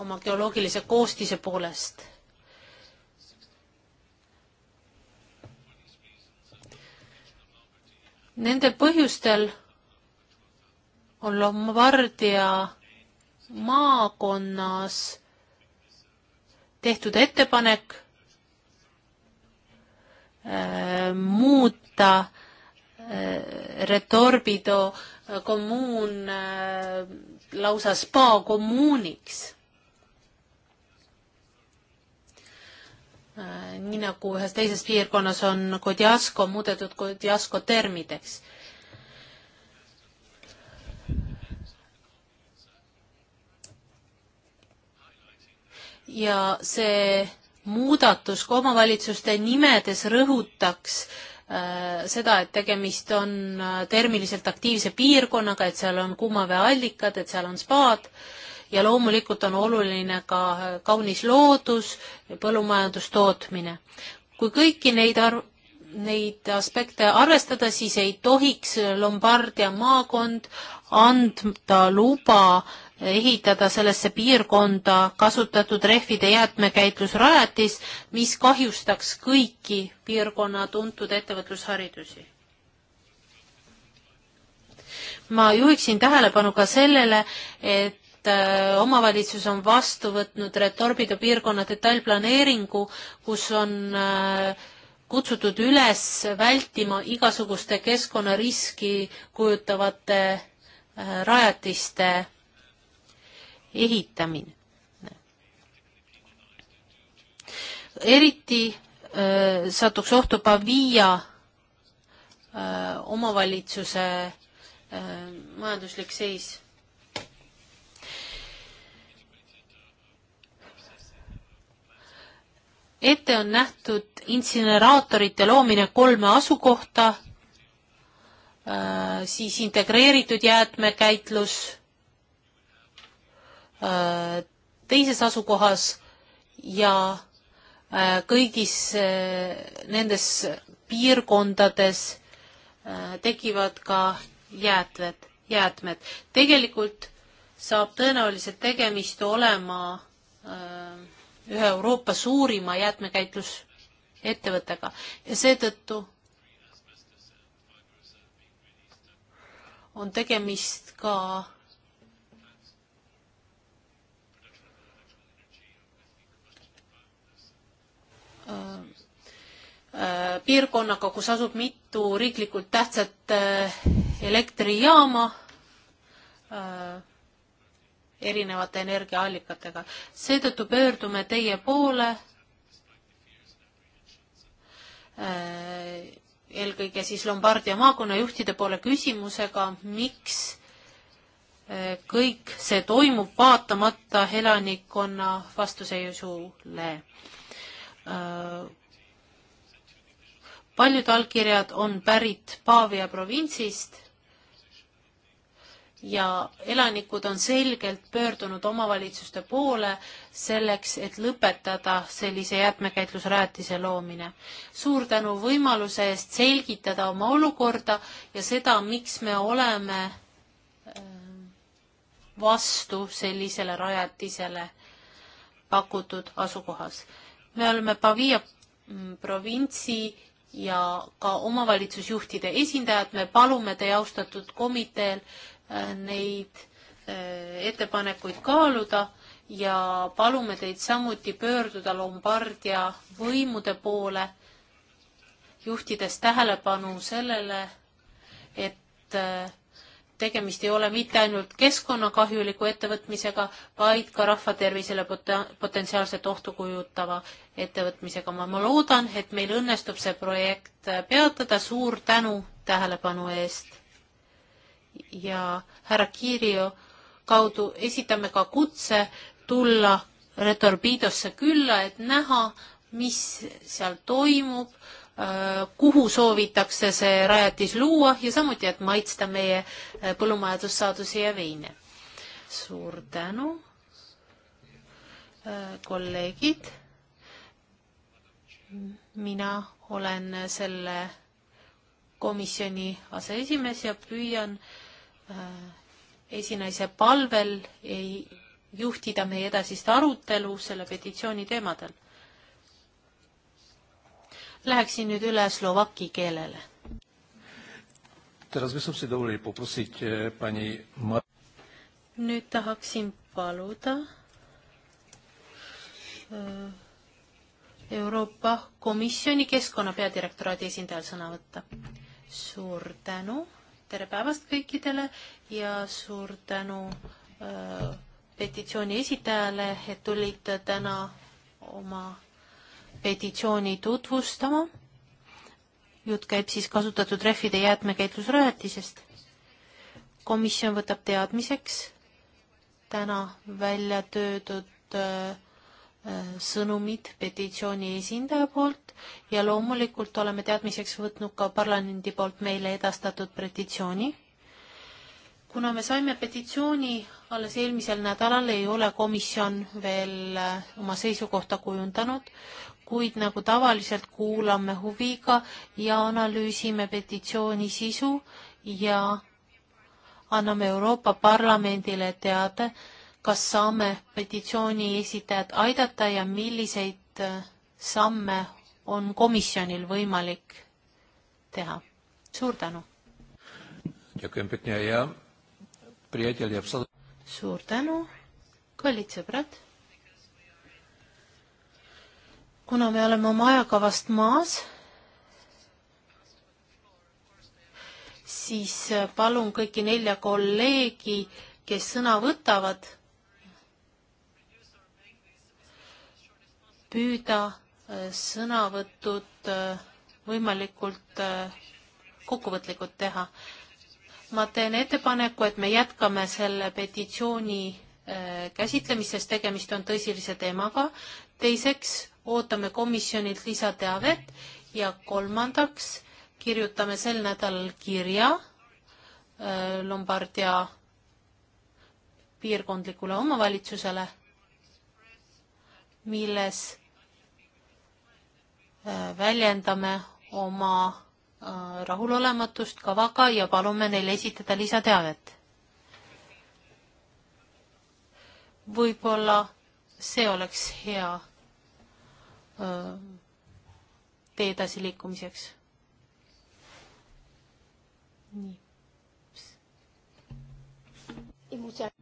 oma geoloogilise koostise poolest. Nendel põhjustel on Lombardia maakonnas tehtud ettepanek äh, muuta äh, Retorbido äh, kommuun lausa spa kommuuniks. Äh, nii nagu ühes teises piirkonnas on Kodiasko muudetud Kodiasko termideks ja see muudatus ka omavalitsuste nimedes rõhutaks äh, seda, et tegemist on äh, termiliselt aktiivse piirkonnaga, et seal on kuumaveeallikad, et seal on spaad ja loomulikult on oluline ka äh, kaunis loodus ja põllumajandustootmine. kui kõiki neid arv-, neid aspekte arvestada, siis ei tohiks Lombardia maakond anda luba ehitada sellesse piirkonda kasutatud rehvide jäätmekäitlusrajatis, mis kahjustaks kõiki piirkonna tuntud ettevõtlusharidusi. ma juhiksin tähelepanu ka sellele, et äh, omavalitsus on vastu võtnud Retorbido piirkonna detailplaneeringu, kus on äh, kutsutud üles vältima igasuguste keskkonnariski kujutavate äh, rajatiste ehitamine. eriti öö, satuks ohtu Pavia öö, omavalitsuse öö, majanduslik seis ette on nähtud inseneraatorite loomine kolme asukohta, siis integreeritud jäätmekäitlus Äh, teises asukohas ja äh, kõigis äh, nendes piirkondades tekivad ka jäätmed, jäätmed. tegelikult saab tõenäoliselt tegemist olema ühe Euroopa suurima jäätmekäitlusettevõttega ja seetõttu on tegemist ka Äh, äh, piirkonnaga, kus asub mitu riiklikult tähtsat äh, elektrijaama erinevate energiaallikatega. seetõttu pöördume teie poole eelkõige siis Lombardia maakonnajuhtide poole küsimusega, miks kõik see toimub vaatamata elanikkonna vastuseisule Äh, paljud allkirjad on pärit Paavia provintsist ja elanikud on selgelt pöördunud omavalitsuste poole selleks, et lõpetada sellise jäätmekäitlusrajatise loomine. suur tänu võimaluse eest selgitada oma olukorda ja seda, miks me oleme äh, vastu sellisele rajatisele pakutud asukohas me oleme Pavia mm, provintsi ja ka omavalitsusjuhtide esindajad, me palume teie austatud komiteel äh, neid äh, ettepanekuid kaaluda ja palume teid samuti pöörduda Lombardia võimude poole, juhtides tähelepanu sellele, et äh, tegemist ei ole mitte ainult keskkonnakahjuliku ettevõtmisega, vaid ka rahvatervisele pot-, potentsiaalset ohtu kujutava ettevõtmisega. ma, ma loodan, et meil õnnestub see projekt peatada, suur tänu tähelepanu eest! ja härra Kirjo kaudu esitame ka kutse tulla Retorbidosse külla, et näha, mis seal toimub Äh, kuhu soovitakse see rajatis luua ja samuti, et maitsta meie äh, põllumajandussaadusi ja veine. suur tänu, äh, kolleegid. mina olen selle komisjoni aseesimees ja püüan esinaise palvel juhtida meie edasist arutelu selle petitsiooni teemadel Läheksin nüüd üle slovaki keelele. Eh, nüüd tahaksin paluda eh, Euroopa Komisjoni keskkonna peadirektoraadi esindajal sõna võtta. suur tänu, tere päevast kõikidele ja suur tänu öö, eh, petitsiooni esitajale, et tulite täna oma petitsiooni tutvustama. jutt käib siis kasutatud rehvide jäätmekäitlusrajatisest. komisjon võtab teadmiseks täna välja töötud äh, äh, sõnumid petitsiooni esindaja poolt ja loomulikult oleme teadmiseks võtnud ka parlamendi poolt meile edastatud petitsiooni. kuna me saime petitsiooni alles eelmisel nädalal, ei ole komisjon veel äh, oma seisukohta kujundanud, kuid nagu tavaliselt kuulame huviga ja analüüsime petitsiooni sisu ja anname Euroopa Parlamendile teada, kas saame petitsiooni esitajat aidata ja milliseid äh, samme on komisjonil võimalik teha. suur tänu! suur tänu, kallid sõbrad! kuna me oleme oma ajakavast maas, siis äh, palun kõiki nelja kolleegi, kes sõna võtavad, püüda äh, sõnavõtud äh, võimalikult kokkuvõtlikult teha. ma teen ettepaneku, et me jätkame selle petitsiooni käsitlemist, sest tegemist on tõsilise teemaga. teiseks ootame komisjonilt lisateavet ja kolmandaks kirjutame sel nädalal kirja äh, Lombardia piirkondlikule omavalitsusele, milles äh, väljendame oma äh, rahulolematust kavaga ja palume neile esitada lisateavet. võib-olla see oleks hea tee edasiliikumiseks. nii.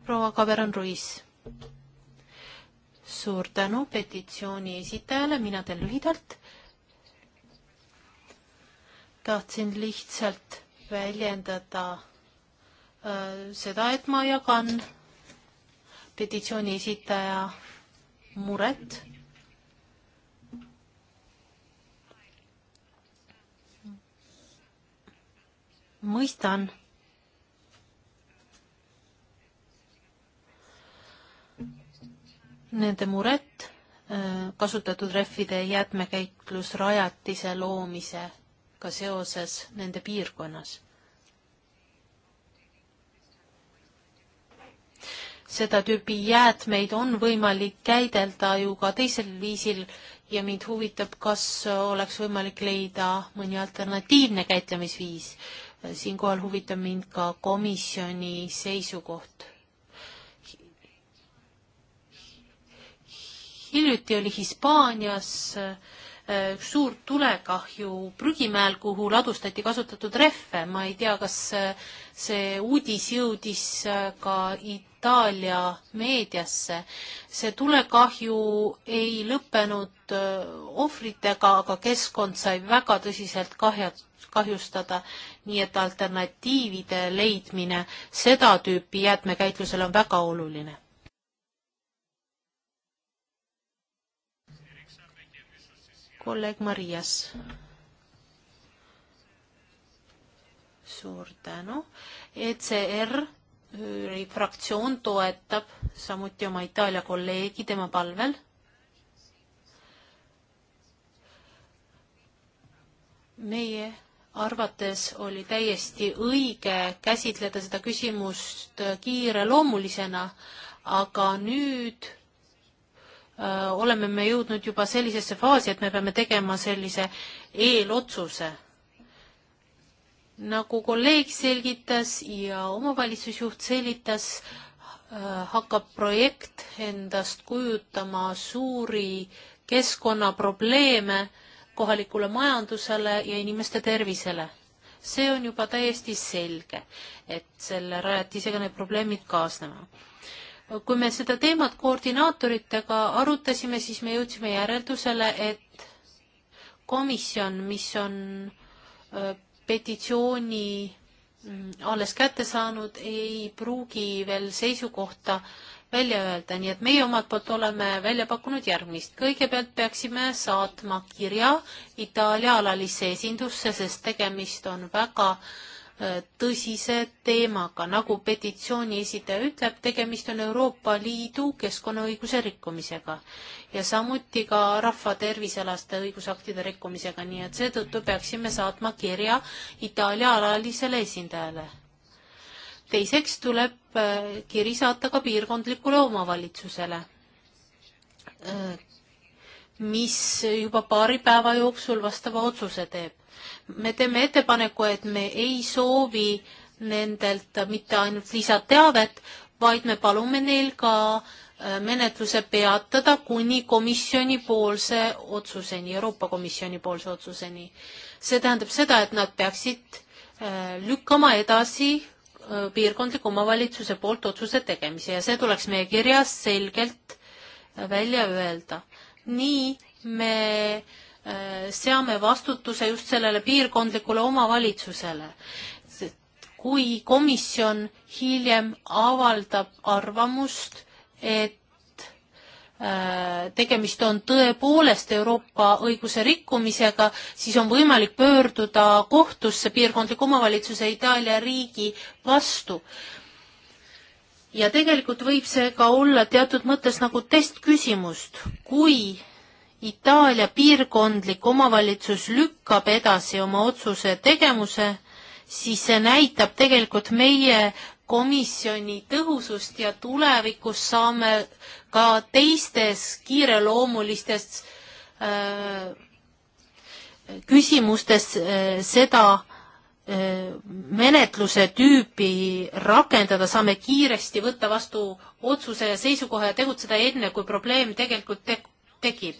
proua Kaveran-Ruiz. suur tänu petitsiooni esitajale, mina teen lühidalt. tahtsin lihtsalt väljendada äh, seda, et ma jagan petitsiooni esitaja muret mõistan nende muret äh, kasutatud rehvide jäätmekäitlusrajatise loomisega seoses nende piirkonnas. seda tüüpi jäätmeid on võimalik käidelda ju ka teisel viisil ja mind huvitab, kas oleks võimalik leida mõni alternatiivne käitlemisviis siinkohal huvitab mind ka komisjoni seisukoht. hiljuti oli Hispaanias äh, Äh, suurt tulekahju prügimäel, kuhu ladustati kasutatud rehve. ma ei tea, kas äh, see uudis jõudis äh, ka Itaalia meediasse. see tulekahju ei lõppenud ohvritega, aga keskkond sai väga tõsiselt kahja, kahjustada. nii et alternatiivide leidmine seda tüüpi jäätmekäitlusele on väga oluline kolleeg Marias. suur tänu. ECR fraktsioon toetab samuti oma Itaalia kolleegi tema palvel meie arvates oli täiesti õige käsitleda seda küsimust kiireloomulisena, aga nüüd Äh, oleme me jõudnud juba sellisesse faasi, et me peame tegema sellise eelotsuse. nagu kolleeg selgitas ja omavalitsusjuht selgitas, äh, hakkab projekt endast kujutama suuri keskkonnaprobleeme kohalikule majandusele ja inimeste tervisele. see on juba täiesti selge, et selle rajatisega need probleemid kaasnevad kui me seda teemat koordinaatoritega arutasime, siis me jõudsime järeldusele, et komisjon, mis on äh, petitsiooni mm, alles kätte saanud, ei pruugi veel seisukohta välja öelda, nii et meie omalt poolt oleme välja pakkunud järgmist. kõigepealt peaksime saatma kirja Itaalia alalisse esindusse, sest tegemist on väga äh, tõsise teemaga. nagu petitsiooni esitaja ütleb, tegemist on Euroopa Liidu keskkonnaõiguse rikkumisega ja samuti ka rahvatervisealaste õigusaktide rikkumisega, nii et seetõttu peaksime saatma kirja Itaalia alalisele esindajale. teiseks tuleb äh, kiri saata ka piirkondlikule omavalitsusele äh, mis juba paari päeva jooksul vastava otsuse teeb me teeme ettepaneku, et me ei soovi nendelt mitte ainult lisateavet, vaid me palume neil ka äh, menetluse peatada kuni komisjoni poolse otsuseni, Euroopa Komisjoni poolse otsuseni. see tähendab seda, et nad peaksid äh, lükkama edasi äh, piirkondliku omavalitsuse poolt otsuse tegemise ja see tuleks meie kirjas selgelt välja öelda. nii me äh, Äh, seame vastutuse just sellele piirkondlikule omavalitsusele. kui komisjon hiljem avaldab arvamust, et äh, tegemist on tõepoolest Euroopa õiguse rikkumisega, siis on võimalik pöörduda kohtusse piirkondliku omavalitsuse Itaalia riigi vastu. ja tegelikult võib see ka olla teatud mõttes nagu testküsimust, kui Itaalia piirkondlik omavalitsus lükkab edasi oma otsuse tegevuse, siis see näitab tegelikult meie komisjoni tõhusust ja tulevikus saame ka teistes kiireloomulistes äh, küsimustes äh, seda äh, menetluse tüüpi rakendada, saame kiiresti võtta vastu otsuse ja seisukoha ja tegutseda enne, kui probleem tegelikult tek-, tekib.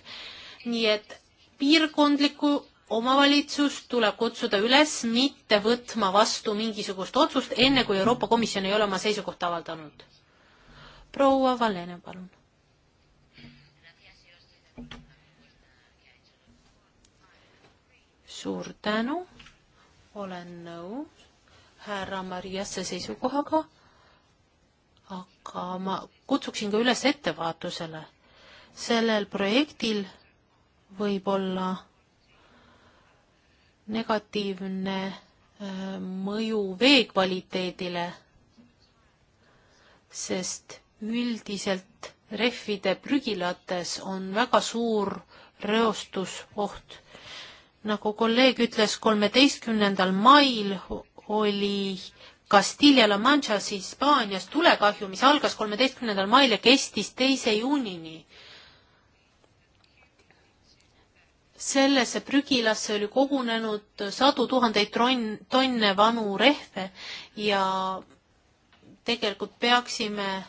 nii et piirkondlikku omavalitsust tuleb kutsuda üles mitte võtma vastu mingisugust otsust, enne kui Euroopa Komisjon ei ole oma seisukohta avaldanud. proua Valene, palun. suur tänu, olen nõus härra Mariasse seisukohaga, aga ma kutsuksin ka üles ettevaatusele sellel projektil võib olla negatiivne äh, mõju vee kvaliteedile, sest üldiselt rehvide prügilates on väga suur reostusoht. nagu kolleeg ütles, kolmeteistkümnendal mail oli Castilla la Manchas Hispaanias tulekahju, mis algas kolmeteistkümnendal mail ja kestis teise juunini sellesse prügilasse oli kogunenud sadu tuhandeid tronn, tonne vanu rehve ja tegelikult peaksime äh,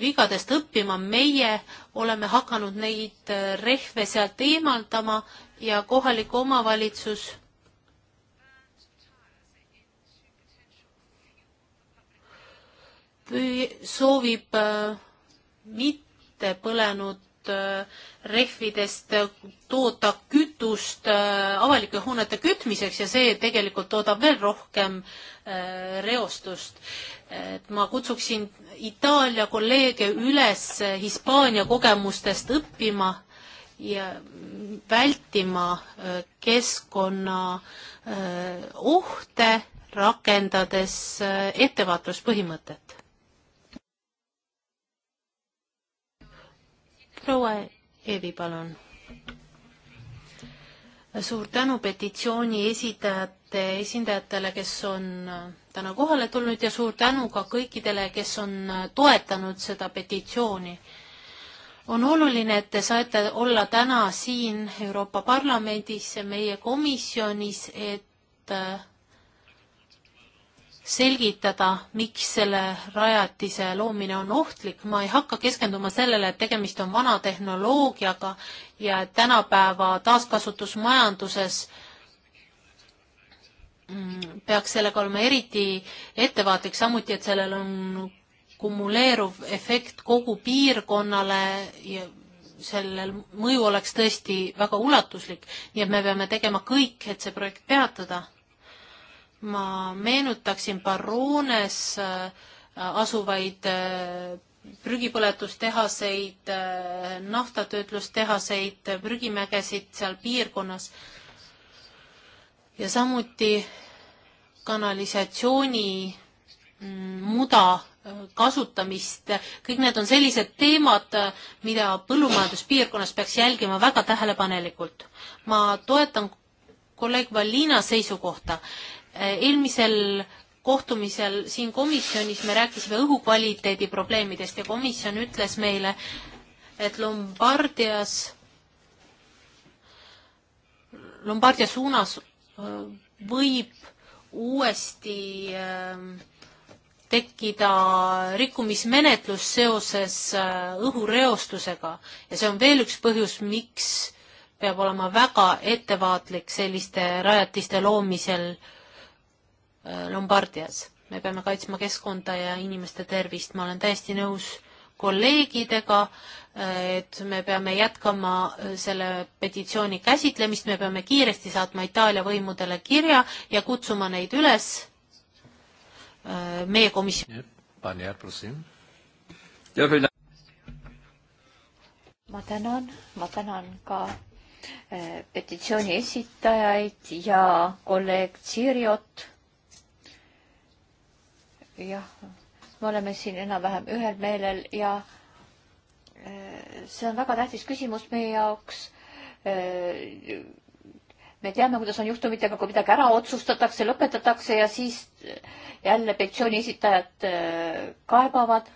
vigadest õppima, meie oleme hakanud neid äh, rehve sealt eemaldama ja kohalik omavalitsus püü, soovib äh, mitte põlenud Äh, rehvidest äh, toota kütust äh, avalike hoonete kütmiseks ja see tegelikult toodab veel rohkem reostust. et ma kutsuksin Itaalia kolleege üles Hispaania kogemustest õppima ja vältima keskkonna ohte, rakendades ettevaatuspõhimõtet proua Eevi, palun. suur tänu petitsiooni esitajate, esindajatele, kes on täna kohale tulnud ja suur tänu ka kõikidele, kes on toetanud seda petitsiooni on oluline, et te saate olla täna siin Euroopa Parlamendis, meie komisjonis, et selgitada, miks selle rajatise loomine on ohtlik, ma ei hakka keskenduma sellele, et tegemist on vana tehnoloogiaga ja tänapäeva taaskasutusmajanduses mm, peaks sellega olema eriti ettevaatlik, samuti et sellel on kumuleeruv efekt kogu piirkonnale ja sellel mõju oleks tõesti väga ulatuslik, nii et me peame tegema kõik, et see projekt peatada ma meenutaksin Barunes äh, asuvaid äh, prügipõletustehaseid, äh, naftatöötlustehaseid, prügimägesid seal piirkonnas ja samuti kanalisatsiooni mm, muda kasutamist, kõik need on sellised teemad, mida põllumajanduspiirkonnas peaks jälgima väga tähelepanelikult. ma toetan kolleeg Vallina seisukohta, Äh, eelmisel kohtumisel siin komisjonis me rääkisime õhukvaliteedi probleemidest ja komisjon ütles meile, et Lombardias, Lombardia suunas äh, võib uuesti äh, tekkida rikkumismenetlus seoses õhureostusega ja see on veel üks põhjus, miks peab olema väga ettevaatlik selliste rajatiste loomisel äh, Äh, Lombardias. me peame kaitsma keskkonda ja inimeste tervist, ma olen täiesti nõus kolleegidega, äh, et me peame jätkama äh, selle petitsiooni käsitlemist, me peame kiiresti saatma Itaalia võimudele kirja ja kutsuma neid üles meie komisjoni. ma tänan, ma tänan ka petitsiooni esitajaid ja kolleeg Siriot jah, me oleme siin enam-vähem ühel meelel ja äh, see on väga tähtis küsimus meie jaoks. Äh, me teame, kuidas on juhtumitega, kui midagi ära otsustatakse, lõpetatakse ja siis äh, jälle petitsiooni esitajad kaebavad.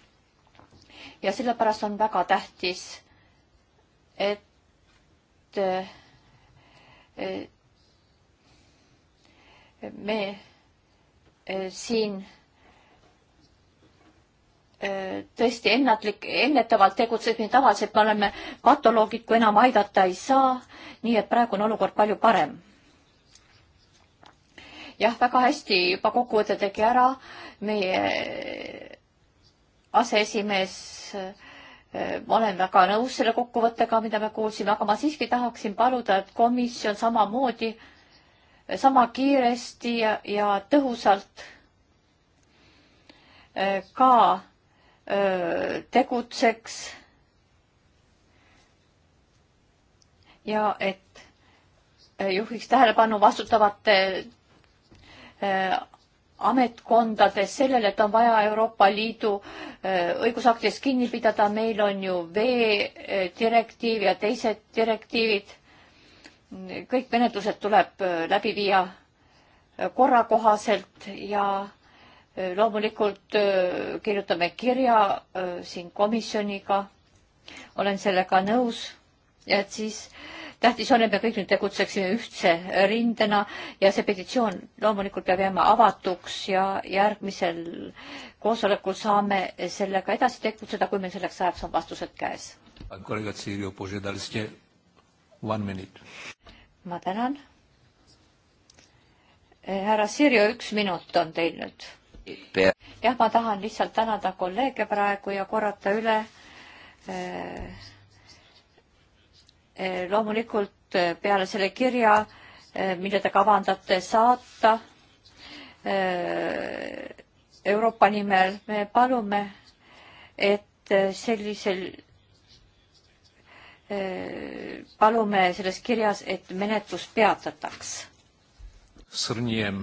ja sellepärast on väga tähtis, et me siin tõesti ennatlik, ennetavalt tegutsesime, tavaliselt me oleme patoloogid, kui enam aidata ei saa. nii et praegu on olukord palju parem. jah, väga hästi juba kokkuvõte tegi ära meie aseesimees. ma olen väga nõus selle kokkuvõttega, mida me kuulsime, aga ma siiski tahaksin paluda, et komisjon samamoodi, sama kiiresti ja, ja tõhusalt ka tegutseks ja et juhiks tähelepanu vastutavate äh, ametkondades sellele, et on vaja Euroopa Liidu äh, õigusaktidest kinni pidada, meil on ju veedirektiiv äh, ja teised direktiivid. kõik menetlused tuleb läbi viia korrakohaselt ja loomulikult äh, kirjutame kirja äh, siin komisjoniga. olen sellega nõus. ja et siis tähtis on, et me kõik nüüd tegutseksime ühtse rindena ja see petitsioon loomulikult peab jääma avatuks ja järgmisel koosolekul saame sellega edasi tegutseda, kui meil selleks ajaks on vastused käes. ma tänan. härra Sirje, üks minut on teil nüüd jah, ma tahan lihtsalt tänada kolleege praegu ja korrata üle. Eh, eh, loomulikult eh, peale selle kirja, mille te kavandate saata Euroopa nimel, me palume, et sellisel palume selles kirjas, et menetlus peatataks. Srnjem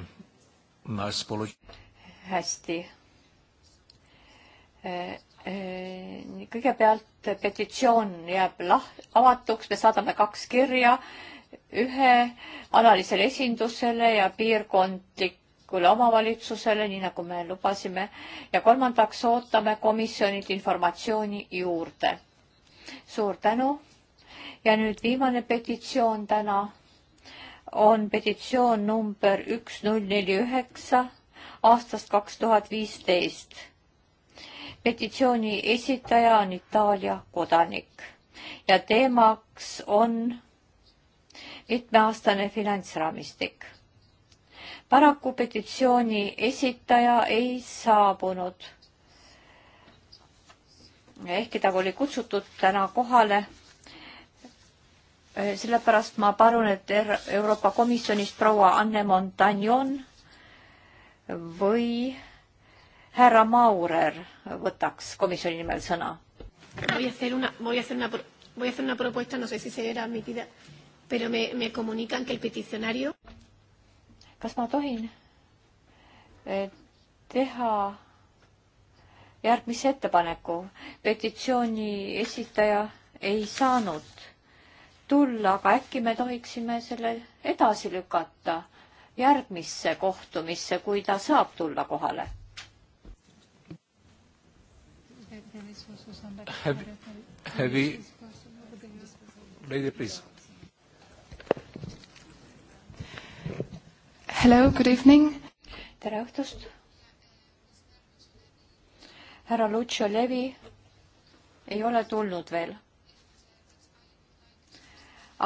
naš spoloč- hästi. Äh, äh, kõigepealt petitsioon jääb lah-, avatuks, me saadame kaks kirja, ühe alalisele esindusele ja piirkondlikule omavalitsusele, nii nagu me lubasime, ja kolmandaks ootame komisjonilt informatsiooni juurde. suur tänu ja nüüd viimane petitsioon täna on petitsioon number üks null neli üheksa aastast kaks tuhat viisteist. petitsiooni esitaja on Itaalia kodanik ja teemaks on mitmeaastane finantsraamistik. paraku petitsiooni esitaja ei saabunud. ehkki ta oli kutsutud täna kohale sellepärast ma palun, et Euroopa Komisjonist proua Anne Montagnon või härra Maurer võtaks komisjoni nimel sõna. Voy a hacer una, voy a hacer una, voy a hacer una propuesta, no sé si será admitida, pero me, me comunican que el peticionario. Kas ma tohin eh, teha järgmise ettepaneku? Petitsiooni esitaja ei saanud tulla, aga äkki me tohiksime selle edasi lükata järgmisse kohtumisse, kui ta saab tulla kohale. Have, have you, lady, please. Hello, good evening. tere õhtust. härra Lucio Levi ei ole tulnud veel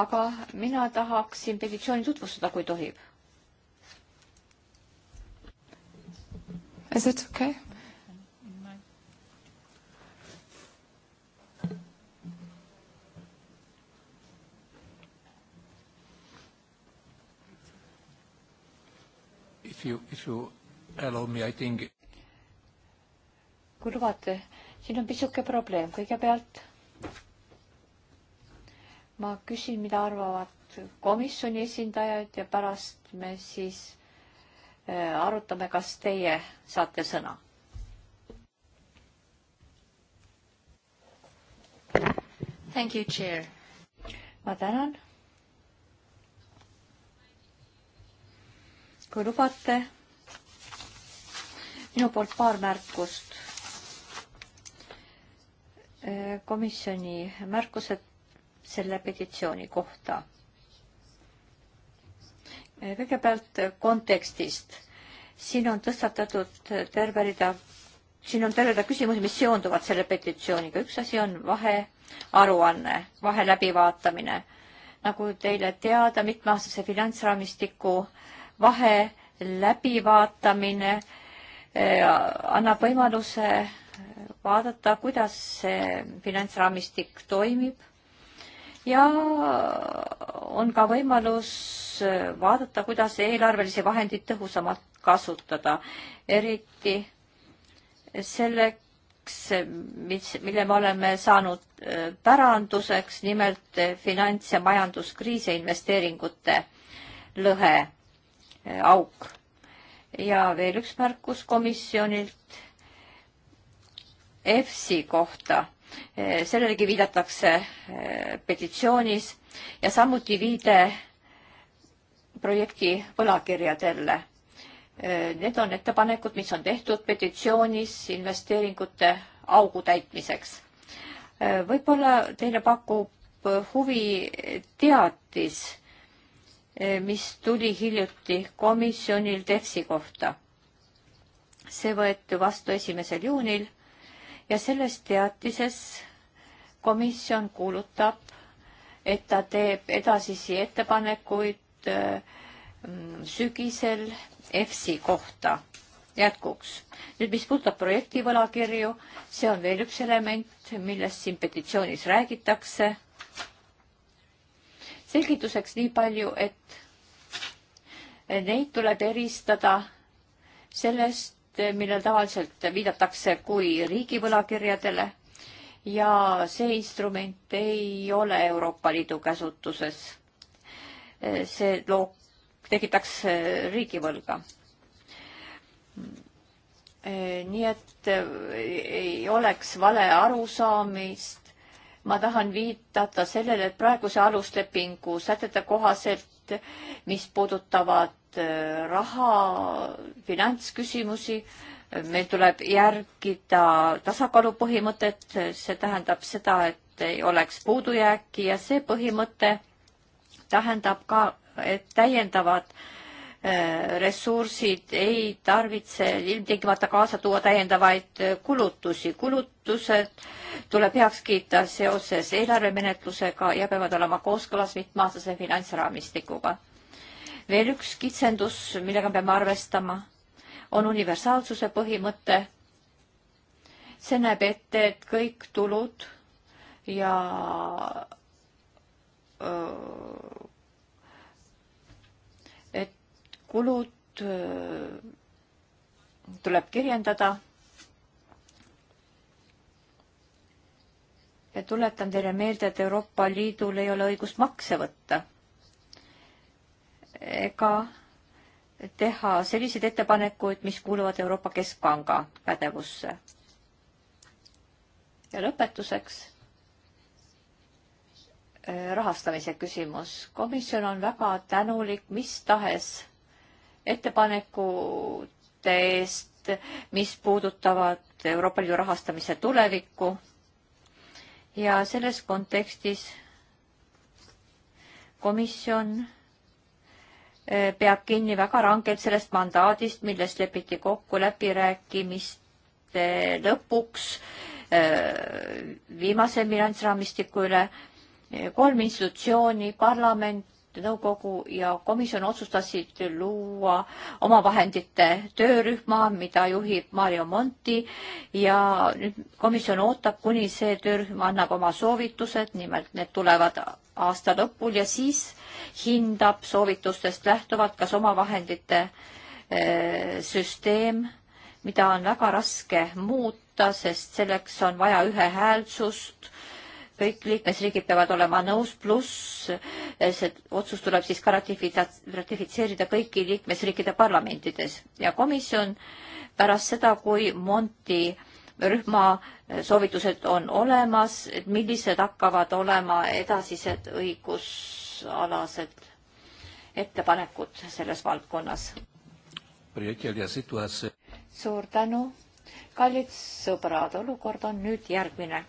aga mina tahaksin petitsiooni tutvustada, kui tohib. Is it okay? If you, if you allow me, I think... kui lubate, siin on pisuke probleem. kõigepealt ma küsin, mida arvavad komisjoni esindajad ja pärast me siis Äh, arutame, kas teie saate sõna. Thank you, chair. ma tänan. kui lubate, minu poolt paar märkust. Äh, komisjoni märkused selle petitsiooni kohta kõigepealt kontekstist. siin on tõstatatud terve rida, siin on terve rida küsimusi, mis seonduvad selle petitsiooniga. üks asi on vahearuanne, vahe läbivaatamine. nagu teile teada, mitmeaastase finantsraamistiku vahe läbivaatamine eh, annab võimaluse vaadata, kuidas see finantsraamistik toimib ja on ka võimalus äh, vaadata, kuidas eelarvelisi vahendeid tõhusamalt kasutada, eriti selleks, mis, mille me oleme saanud äh, päranduseks, nimelt äh, finants- ja majanduskriisi investeeringute lõhe, auk. ja veel üks märkus komisjonilt EFSI kohta Eh, sellelegi viidatakse eh, petitsioonis ja samuti viide projekti võlakirjadele. Eh, need on ettepanekud, mis on tehtud petitsioonis investeeringute augu täitmiseks. võib-olla teile pakub huvi teatis, mis tuli hiljuti komisjonil TEFSi kohta. see võeti vastu esimesel juunil ja selles teatises komisjon kuulutab, et ta teeb edasisi ettepanekuid äh, sügisel EFSI kohta jätkuks. nüüd, mis puudutab projekti võlakirju, see on veel üks element, millest siin petitsioonis räägitakse. selgituseks nii palju, et neid tuleb eristada sellest, Eh, millel tavaliselt viidatakse kui riigivõlakirjadele ja see instrument ei ole Euroopa Liidu käsutuses. Eh, see loo-, tekitaks eh, riigivõlga. nii et ei oleks vale arusaamist. ma tahan viidata sellele, et praeguse aluslepingu sätete kohaselt mis puudutavad äh, raha, finantsküsimusi. meil tuleb järgida tasakaalu põhimõtet, see tähendab seda, et ei oleks puudujääki ja see põhimõte tähendab ka, et täiendavad äh, Äh, ressursid ei tarvitse ilmtingimata kaasa tuua täiendavaid äh, kulutusi. kulutused tuleb heaks kiita seoses eelarvemenetlusega ja peavad olema kooskõlas mitmeaastase finantsraamistikuga. veel üks kitsendus, millega peame arvestama, on universaalsuse põhimõte. see näeb ette, et kõik tulud ja öö, kulud äh, tuleb kirjendada. ja tuletan teile meelde, et Euroopa Liidul ei ole õigust makse võtta ega teha selliseid ettepanekuid, mis kuuluvad Euroopa Keskpanga pädevusse. ja lõpetuseks äh, rahastamise küsimus. komisjon on väga tänulik mis tahes ettepanekute eest, mis puudutavad Euroopa Liidu rahastamise tulevikku. ja selles kontekstis komisjon eh, peab kinni väga rangelt sellest mandaadist, milles lepiti kokku läbirääkimiste lõpuks eh, viimase finantsraamistiku üle. kolm institutsiooni, parlament, nõukogu ja komisjon otsustasid luua omavahendite töörühma, mida juhib Mario Monti ja nüüd komisjon ootab, kuni see töörühm annab oma soovitused, nimelt need tulevad aasta lõpul ja siis hindab soovitustest lähtuvalt, kas omavahendite eh, süsteem, mida on väga raske muuta, sest selleks on vaja ühehäälsust kõik liikmesriigid peavad olema nõus, pluss eh, see otsus tuleb siis ka ratifitseerida kõiki liikmesriikide parlamentides ja komisjon pärast seda, kui Monti rühma eh, soovitused on olemas, et millised hakkavad olema edasised õigusalased ettepanekud selles valdkonnas. suur tänu, kallid sõbrad, olukord on nüüd järgmine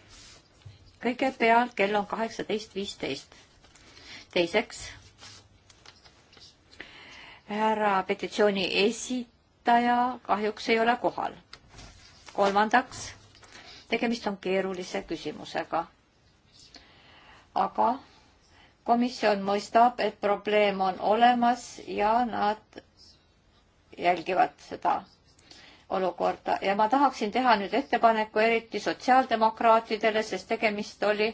kõigepealt kell on kaheksateist viisteist. teiseks, härra petitsiooni esitaja kahjuks ei ole kohal. kolmandaks, tegemist on keerulise küsimusega. aga komisjon mõistab, et probleem on olemas ja nad jälgivad seda olukorda ja ma tahaksin teha nüüd ettepaneku eriti sotsiaaldemokraatidele, sest tegemist oli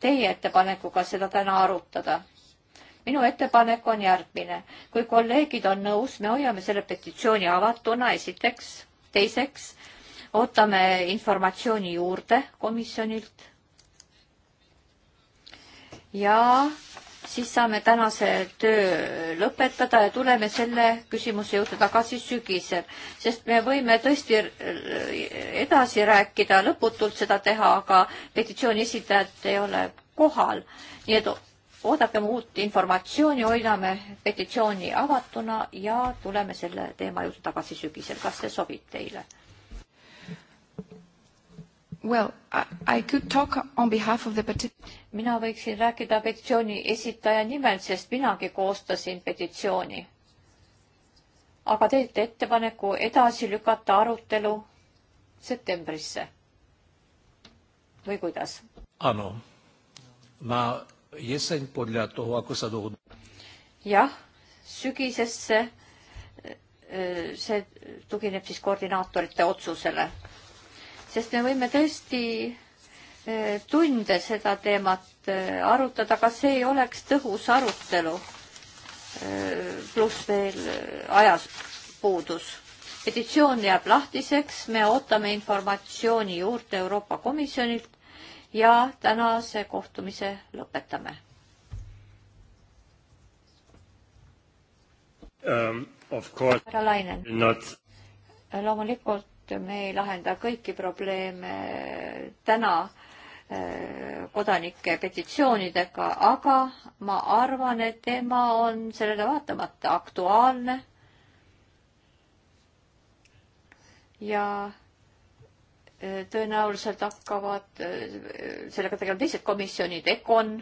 teie ettepanekuga seda täna arutada. minu ettepanek on järgmine. kui kolleegid on nõus, me hoiame selle petitsiooni avatuna, esiteks. teiseks, ootame informatsiooni juurde komisjonilt. ja siis saame tänase töö lõpetada ja tuleme selle küsimuse juurde tagasi sügisel, sest me võime tõesti edasi rääkida, lõputult seda teha, aga petitsiooni esitajat ei ole kohal. nii et oodakem uut informatsiooni, hoidame petitsiooni avatuna ja tuleme selle teema juurde tagasi sügisel, kas see sobib teile? Well, I, I could talk on behalf of the peti-. mina võiksin rääkida petitsiooni esitaja nimel, sest minagi koostasin petitsiooni. aga teete ettepaneku edasi lükata arutelu septembrisse või kuidas? Ano, ma jesen podľa toho, ako sa dohodnú. jah, sügisesse eh, see tugineb siis koordinaatorite otsusele sest me võime tõesti e, tunde seda teemat e, arutada, aga see ei oleks tõhus arutelu. E, pluss veel ajas puudus. petitsioon jääb lahtiseks, me ootame informatsiooni juurde Euroopa Komisjonilt ja tänase kohtumise lõpetame um,. härra Lainen. loomulikult et me ei lahenda kõiki probleeme täna äh, kodanike petitsioonidega, aga ma arvan, et teema on sellele vaatamata aktuaalne. ja äh, tõenäoliselt hakkavad äh, sellega tegelema teised komisjonid, EKON,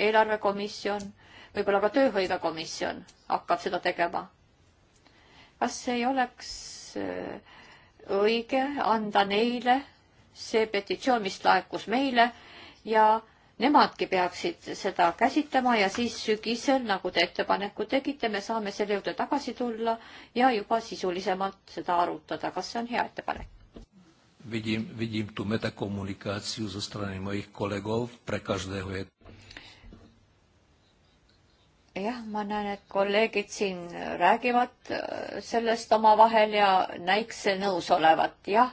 eelarvekomisjon, võib-olla ka tööhõivekomisjon hakkab seda tegema. kas ei oleks äh, õige anda neile see petitsioon, mis laekus meile ja nemadki peaksid seda käsitlema ja siis sügisel, nagu te ettepaneku tegite, me saame selle juurde tagasi tulla ja juba sisulisemalt seda arutada, kas see on hea ettepanek? Vidím, vidím tu metakomunikáciu zo strany mojich kolegov pre každého jah, ma näen, et kolleegid siin räägivad äh, sellest omavahel ja näiks nõus olevat, jah.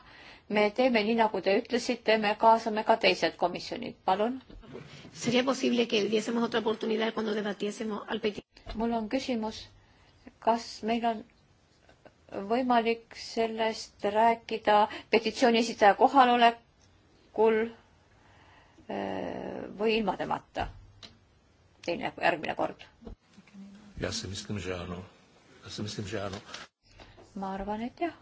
me teeme nii, nagu te ütlesite, me kaasame ka teised komisjonid, palun. mul on küsimus, kas meil on võimalik sellest rääkida petitsiooni esitaja kohalolekul äh, või ilma temata? teine, järgmine kord Já si myslím, že ano. Já si myslím, že ano. Ma arvan, et jah.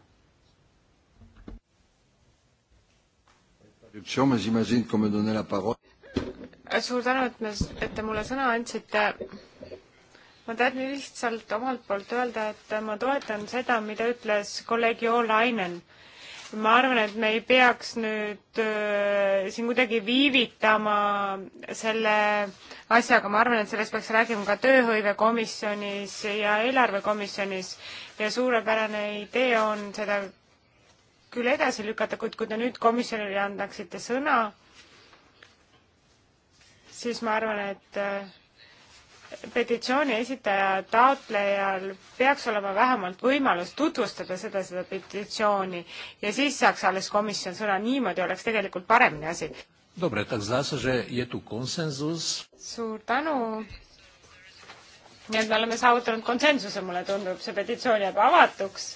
suur tänu, et me, et te mulle sõna andsite. ma tahan lihtsalt omalt poolt öelda, et ma toetan seda, mida ütles kolleeg Jo Lainen ma arvan, et me ei peaks nüüd äh, siin kuidagi viivitama selle asjaga, ma arvan, et sellest peaks rääkima ka tööhõivekomisjonis ja eelarvekomisjonis ja suurepärane idee on seda küll edasi lükata, kuid kui te nüüd komisjonile andaksite sõna, siis ma arvan, et äh, petitsiooni esitaja taotlejal peaks olema vähemalt võimalus tutvustada seda, seda petitsiooni ja siis saaks alles komisjon sõna, niimoodi oleks tegelikult paremini asi. suur tänu. nii et me oleme saavutanud konsensuse, mulle tundub, see petitsioon jääb avatuks.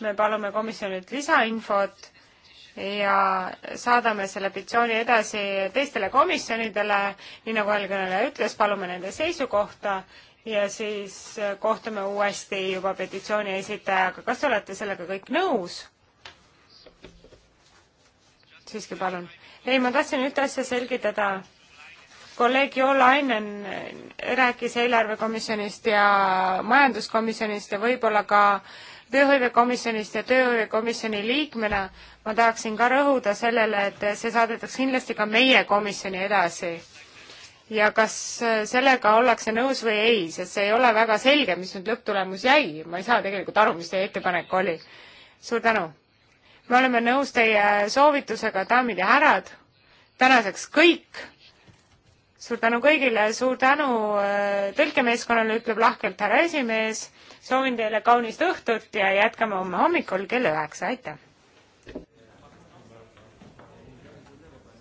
me palume komisjonilt lisainfot ja saadame selle petitsiooni edasi teistele komisjonidele, nii nagu eelkõneleja ütles, palume nende seisukohta ja siis kohtume uuesti juba petitsiooni esitajaga. kas te olete sellega kõik nõus? siiski palun. ei, ma tahtsin ühte asja selgitada. kolleeg Jo Lainen rääkis eelarvekomisjonist ja majanduskomisjonist ja võib-olla ka äh, tööhõivekomisjonist ja tööhõivekomisjoni liikmena ma tahaksin ka rõhuda sellele, et see saadetakse kindlasti ka meie komisjoni edasi. ja kas sellega ollakse nõus või ei, sest see ei ole väga selge, mis nüüd lõpptulemus jäi, ma ei saa tegelikult aru, mis teie ettepanek oli. suur tänu! me oleme nõus teie soovitusega, daamid ja härrad, tänaseks kõik suur tänu kõigile, suur tänu äh, tõlkemeeskonnale, ütleb lahkelt härra esimees. soovin teile kaunist õhtut ja jätkame homme hommikul kell üheksa, aitäh!